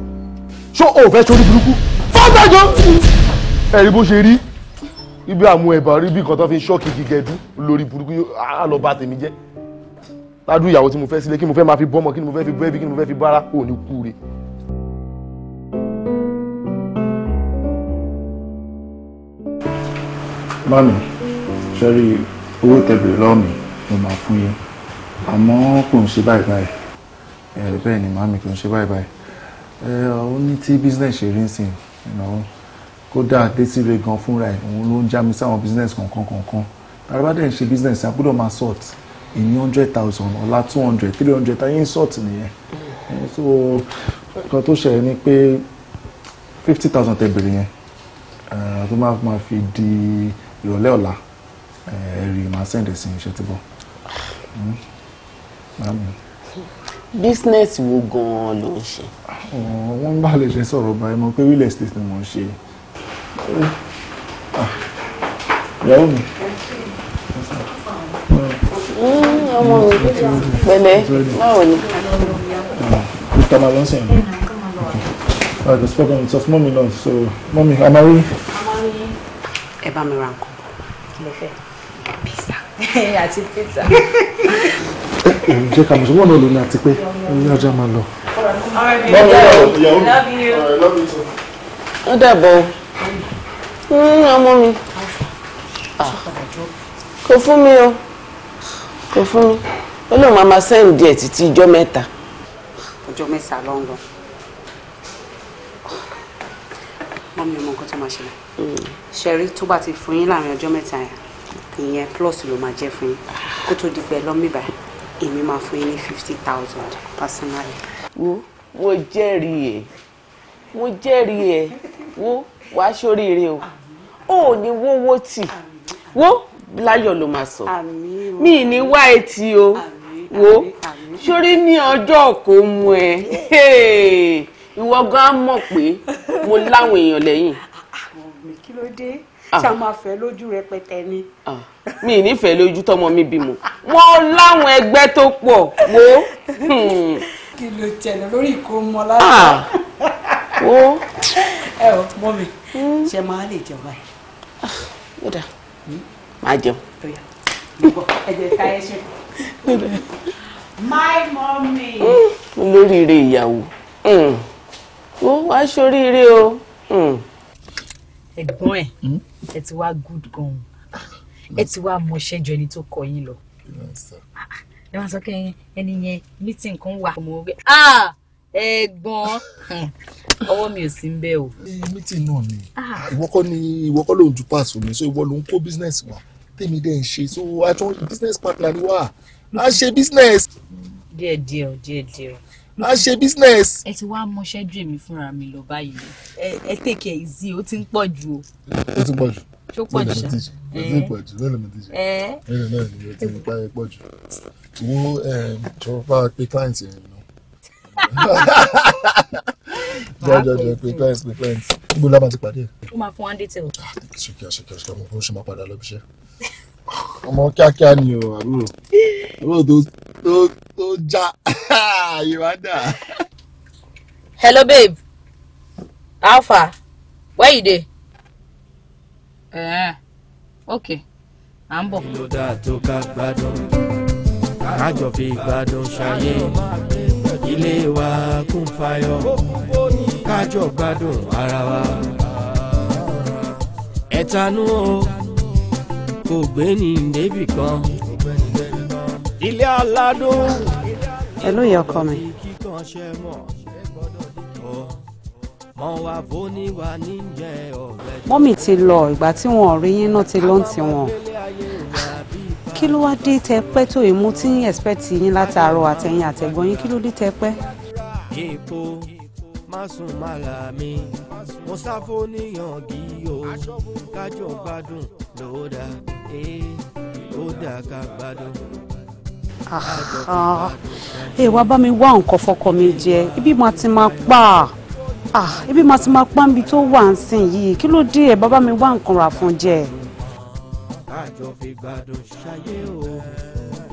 ṣó o fẹ́ sórí burúkú fọ́ńtà jọ ẹ̀rí bó ṣe rí ibi àmú ẹ̀bà rí bí nǹkan tó fi ń ṣọ́ọ̀kì gígẹ̀dú lórí burúkú á lọ bá tèmi jẹ́ ládùú ìyàwó tí mo fẹ́ sílé kí mo fẹ́ máa fi bọ́mọ kí ni mo fẹ́ fi bọ́ ẹbí kí ni mo fẹ́ fi bára ò ní kú re. mami sẹ́rí owó tẹ̀bẹ̀rẹ̀ lọ́wọ́ mi mo máa fún yín àmọ́ kò ń ṣe báyìí báyìí bẹ́ẹ̀ ni mami kò ń ṣe báyìí báyìí ó ní tí business ṣe rí ń sìn ìnáwó kódà tẹ́síre gan fúnra ẹ̀ òun ló ń já mi sáwọn business kankan kankan tàbí dẹ̀ ṣe business a gbọ́dọ̀ máa sort ìní hundred thousand ọ̀la two hundred three hundred ayé ń sort nìyẹn eh, so nǹkan tó ṣẹlẹ̀ ni pé fifty thousand tẹ bèrè yẹn eh, tó máa máa fi di ìrọ̀lẹ́ ọ̀la ẹ̀rì eh, máa send ẹ̀sìn iṣẹ́ tí bọ̀. Hmm? business wo gan-an ló ń ṣe. wọ́n bá lè ṣe sọ̀rọ̀ báyìí mọ̀ pé real estate ni mò ń ṣe ìyàwó mi. ọmọ mi pẹ̀lẹ́ báwo ni. mr malonson i dey spoke on it of mummy lunch so mummy amari. ẹ bá mi ra nǹkan kí lè fẹ́ pizza àti pizza. jẹ́ ká mọ̀ṣọ́ wọ́n náà lò ní àti pé ní ọjà máa lọ. ọ̀rẹ́ love you. love you. ó Mm, ọmọ mi kò fún mi o kò fún mi ó lóun máa máa sẹ́ǹdì ẹ̀ títí ijọ́ mẹ́ta. ọjọ́ mẹ́ta ló ń lọ mọ́ mi ò mọ nǹkan tó máa ṣẹlẹ̀ mm. ṣẹ̀rí tó bá ti fún yín láàrin ọjọ́ mẹ́ta yẹn plus ló máa jẹ́ fún yín kó tó di pẹ́ lọ́mí báyìí èmi máa fún yín ní fifty thousand personally. wo mo jẹ́rìí ẹ̀ mo jẹ́rìí ẹ̀ wo wàá ṣoríire o ò ní wówó tì wo láyọ̀ ló máa sọ mi ní wá etí o wo sórí ní ọjọ́ kò mú ẹ ìwọ gan mọ̀ pé mo láwọn èèyàn lẹ́yìn. kí ló dé ah. ṣá lójú rẹpẹtẹ ni. Ah, mi ì nífẹ̀ẹ́ lójú tọmọ mi bímọ wọn láwọn ẹgbẹ́ tó pọ̀ wo. Hmm. kí ló tẹ̀lé lórí ìkómọ lára wo. ẹ o mọ mi hmm? ṣe máa lè jẹun báyìí. Ah, ó dà hmm? máa jẹun. my mommy. Hmm, olóríire ìyàwó ó wá ṣoríire o. ẹ̀gbọ́n ẹ̀ ẹ ti wá good gan-an ẹ ti wá mọṣẹ́ ju ẹni tó kọ yín lọ. Ah, ah. ẹ máa sọ kẹ́yìn ẹni yẹn mítìn wà. ọmọ orí ah ẹ̀gbọ́n ọwọ́ mi ò sí ń bẹ̀ o. mítìn náà ni ah. ìwọ kọ́ ni ìwọ kọ́ ló ń ju pass omi so ìwọ ló ń kó bísínẹ́sì wa tèmi dẹ̀ ń ṣe so àjọ business partner ni wà á ṣe business. díẹ̀ díẹ̀ o díẹ̀ díẹ̀ o. a ṣe business. ẹ ti wá mọṣẹ́ ju èmi fúnra mi lọ báyìí ẹ tèkẹ́ ìzí o ti ń pọ̀ jù o. o ti pọ̀ jù tó pọ̀ jù ṣá. ẹ pọ̀ jù lọ́nà mi ti ṣe. ẹ ẹ náà ni mo ti ń pa ẹ pọ̀ jù. wo jọba pé client yẹn jọjọ ọmọ kíákíá ni o àbúrò àbúrò tó tó tó já ìwà hello babe how far where you dey. Uh, okay I'm ń kílé wa kún fáyọ̀ kájọ gbádùn ara wa. ẹ̀tanú o kò gbé ní débì kan ilé aládùn. ẹ̀lú ìyá ọkọ mi. mọ́mì ti lọ ìgbà tí wọ́n rí yín náà ti lọ́ǹtì wọn kí ló wá dé tẹ pẹ́ tó yìí mo ń expect yín látàárọ̀ àtẹ̀yìn àtẹ̀gbọ́n yín kí ló dé tẹ pẹ́. èèpo má sùn má là mí mo sáfó níyàn kí o kájọ gbádùn lóòdà ee ó dà ká ah, ah. gbádùn. ẹ wá bá mi wá nǹkan fọkọ mi jẹ ibi máa ti máa pa ah, ibi máa ti máa pa níbi tó wà ń sìn yìí kí ló dé ẹ bá bá mi wá nǹkan rà fún jẹ kájọ fi gbádùn ṣayé o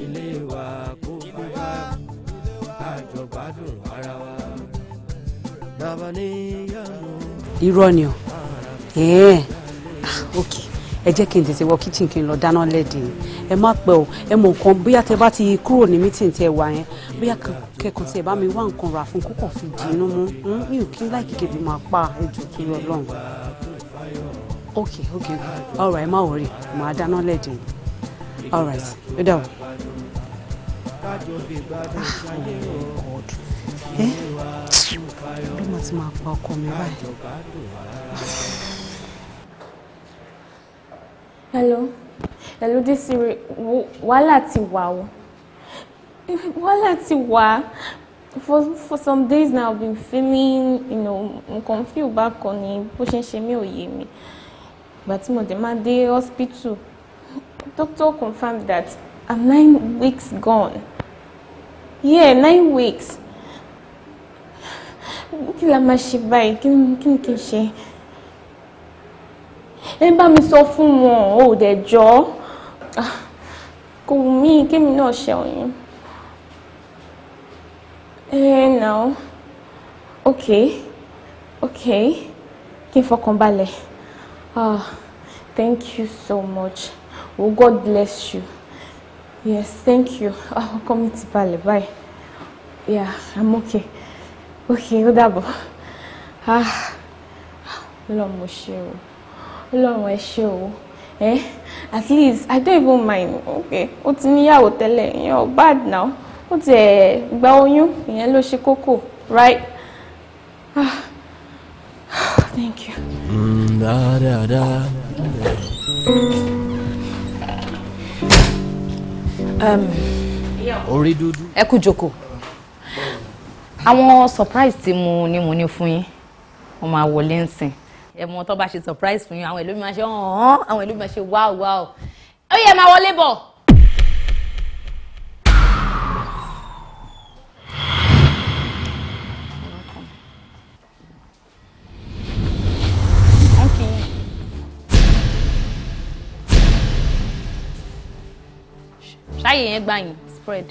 ilé wa kó báyà kájọ gbádùn ara wa bàbá níyàwó. irọ́ ni o ẹ̀ẹ́n ah, ok ẹ jẹ́ kí n tètè wọ kíchìn kí n lọ dáná lẹ́ẹ̀dì ẹ má pẹ́ o ẹ mọ̀ nǹkan bóyá tẹ bá ti kúrò ní mítìn tẹ wà yẹn bóyá kẹkàn tí bá mi wá nǹkan rà fún kókò fi dì inú mú hmm, mi ò kí n láì kékeré máa pa ẹjọ́ tó yọ lọ́hùn okay okay all right ma má wọrí màá let him. all right you dà eh? hello hello This is ti wà o wàhálà for for some days now I've been feeling you know confused back on him. Pushing ṣe ń ṣe mí ò ìgbà tí mo dé máa dé hospital doctor confirmed that i'm nine weeks gone yeah nine weeks kí la máa ṣe báyìí kí ni kí n ṣe ẹ bá mi sọ fún wọn ò dẹ̀ jọ́ ah, kò wù mí kémi náà ṣe ọyún ẹ now okay okay kí n fọkàn balẹ̀. Ah, thank you so much. Oh, God bless you. Yes, thank you. Oh, come to Bale. Bye. Yeah, I'm okay. Okay, ó Ah, Ọlọ́run mo ṣe o. Ọlọ́run ẹ Eh, at least I don't even mind. Okay, What's in your hotel? You're bad now. What's ti gba oyún. Ìyẹn ló right? Ah. Thank you. Mm, da, da, da, um, orí dúdú. ẹ kú jókòó àwọn surprise tí mo ní mo ní fún yín wọ́n máa wọlé ń sìn ẹ mọ̀ tó bá ṣe surprise fún yín àwọn ìlú mi máa ṣe hàn án àwọn ìlú mi máa ṣe wáò ó yẹ máa wọlé bọ̀. ráyè yẹn gbà yín spread.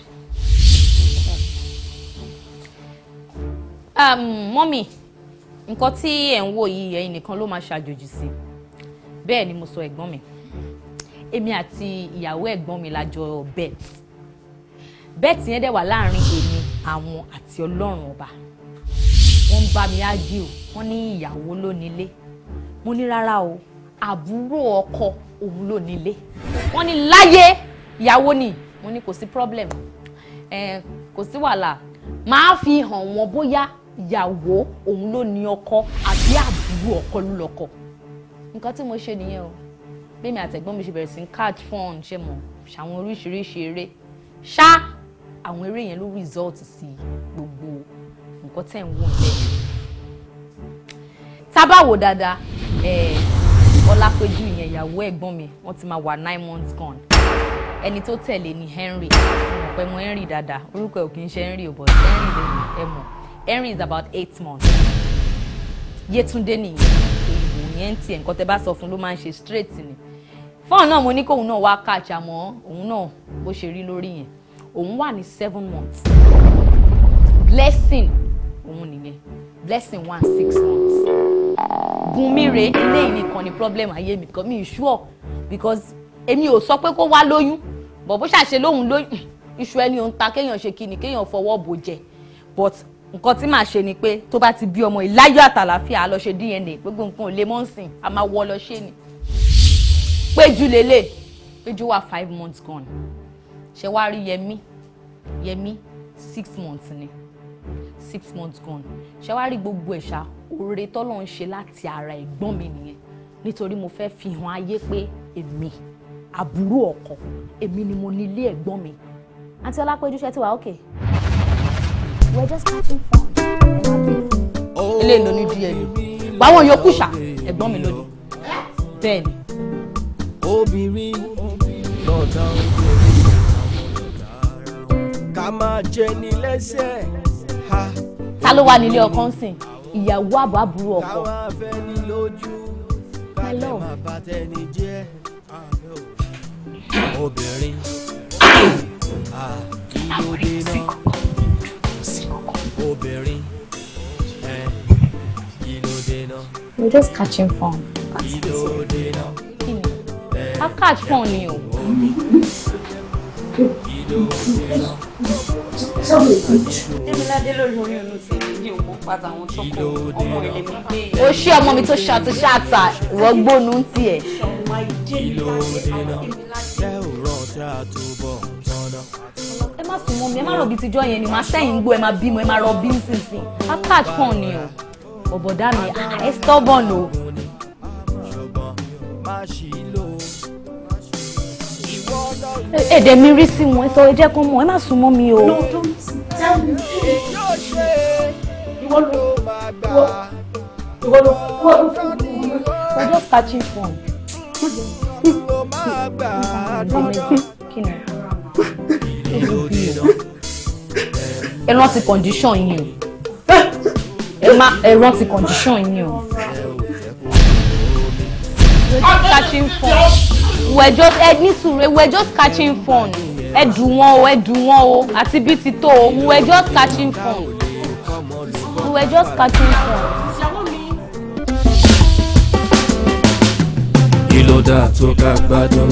Um, mọ́mì nǹkan tí ẹ̀ ń wò yìí ẹ̀yin nìkan ló máa ṣàjòjì sí bẹ́ẹ̀ ni mo sọ ẹ̀gbọ́n mi èmi àti ìyàwó ẹ̀gbọ́n mi la bet bet yẹn dẹ̀ wà láàrin èmi àwọn àti ọlọ́run ọba wọ́n ń bá mi ágì o wọ́n ní ìyàwó ló nílé mo ní rárá o àbúrò ọkọ òun ló wọ́n ní láyé ìyàwó ni mo ní kò sí problem kò sí wàhálà máa fi hàn wọ́n bóyá ìyàwó òun ló ní ọkọ àbí àbúrò ọkọ ló lọ́kọ nǹkan tí mo ṣe nìyẹn o bẹ́ẹ̀ mi àtẹ̀gbọ́n mi ṣe bẹ̀rẹ̀ sí ń catch phone ṣe mọ̀ ṣàwọn oríṣiríṣi eré ṣá àwọn eré yẹn ló result sí gbogbo nǹkan tẹ̀ ń wọ̀n lẹ́yìn tábàwò dáadáa ọlápẹ̀jú ìyẹn ìyàwó ẹ̀gbọ́n mi wọ́n ti máa wà nine months gone ẹni tó tẹ̀lé ni Henry mo pẹ́ mọ̀ Henry dada, orúkọ ẹ̀ ò kì í ṣe Henry o but Henry lè ní ẹ mọ̀ Henry is about eight months Yetunde ni, òyìnbó yẹn ń tiẹ̀ nǹkan tẹ́ bá sọ fún ló máa ń ṣe straight ni fọ́ọ̀n náà mo ní kóun náà wá catch àmọ́ òun náà bó ṣe rí lórí yẹn òun wà ní seven months blessing òun nìyẹn blessing wà six months Bùnmi rèé eléyìí nìkan ni problem ayé mi kọ́ mi sure because èmi ò sọ pé kó wá lóyún bọ̀ bó ṣàṣe lóhùn lóyún iṣu ẹni òun ta kéèyàn ṣe kí ni kéèyàn fọwọ́ bò jẹ but nǹkan tí màá ṣe ni pé tó bá ti bí ọmọ ìláyọ̀ àtàlàfíà á lọ ṣe DNA gbogbo nǹkan ò lè mọ́ nsìn a máa wọ lọ ṣe ni péjú lélẹ̀ péjú wà five months gone ṣe wá rí yẹmí yẹmí six months ni six months gone ṣe wá rí gbogbo ẹ̀ṣà oore tọ́lọ́ ń ṣe láti ara ẹ̀gbọ́n mi nìyẹn nítorí mo fẹ́ fi hàn ayé pé èmi. E àbúrò ọkọ èmi ni mo ní ilé ẹ̀gbọ́n mi àǹtí ọlápẹ́jú ṣe ti wà ókè. we're just having fun. ilé ìlú ní díẹ̀ lò báwọn yòókù ṣá ẹ̀gbọ́n mi lónìí bẹ́ẹ̀ ni. obìnrin lọ́dọ̀ ká máa jẹ ní lẹ́sẹ̀. ta ló wà nílé ọkọ ń ìyàwó àbúrò ọkọ. káwá fẹ́ obìnrin àkíyóde náà obìnrin kílódé náà. we just catching fun. kílódé náà. a catch fun ni o. kílódé náà. Jẹ́miládé lórí orin ònú ti ní ní òkú àwọn tókò ọmọ ilé mi O ṣé ọmọ mi tó ṣàtúnṣàtà ìwọ́gbónú ń tiẹ̀ ṣàtúbọ̀ tọ́nà. ẹ má sùn mọ́ mi ẹ má rọ̀ bí tijọ́ yẹn ni màá sẹ́yìn gbó ẹ má bímọ ẹ má rọ nísinsìn apart kan ni o ọ̀bọ̀dá mi ah, ẹ stubborn o. èdè mi rí sí wọn sọ jẹ́ kó mọ̀ ẹ má sùn mọ́ mi o. ìwọ ló ìwọ fún mi. I just catching phone. ẹ rántí condition yín o ẹ má ẹ rántí condition yín o. catching we're just ẹ ní we're just catching fun ẹ dùn wọn o ẹ dùn wọn o àti bí ti tó o we're just catching fun we're just catching fun. kí ló dáa tó ká gbádùn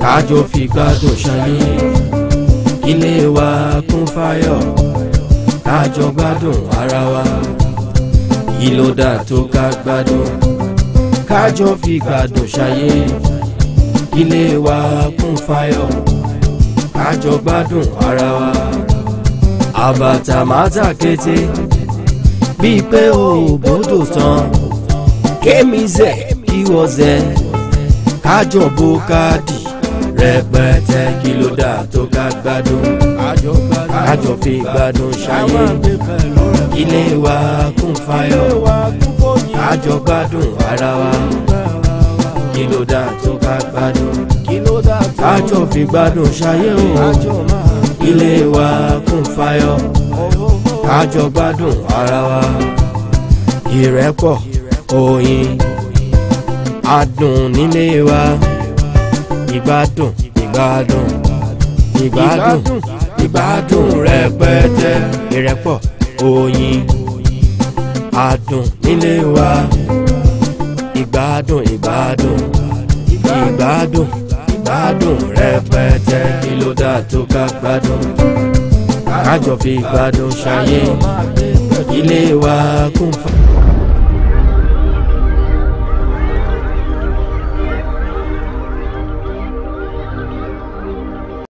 kájọ fi gbádùn ṣayé ilé wa kún fáyọ̀ kájọ gbádùn ara wa kí ló dà tó ká gbádùn kájọ fi gbádùn ṣayé ilé wa kún fáyọ̀ kájọ gbádùn ara wa àbàtà mátà kété bíi pé o ò gbọ́dọ̀ tán kémi zẹ̀ kí wọ́n zẹ̀ kájọ bó káàdì rẹpẹtẹ kí ló dà tó ká gbádùn àjọ fi gbádùn ṣayé ilé wa kún fáyọ̀ àjọ gbádùn ara wa kí ló dà tó ká gbádùn àjọ fi gbádùn ṣayé o ilé wa kún fáyọ̀ àjọ gbádùn ara wa ìrẹ́pọ̀ oyin adùn nílé wa ìgbádùn ìgbádùn ìgbádùn ìgbádùn rẹpẹtẹ ìrẹ́pọ̀ oyin adùn nílé wa ìgbádùn ìgbádùn ìgbádùn ìgbádùn rẹpẹtẹ kí ló dá tó ká gbádùn kájọ fi gbádùn ṣayé ilé wa kún fún.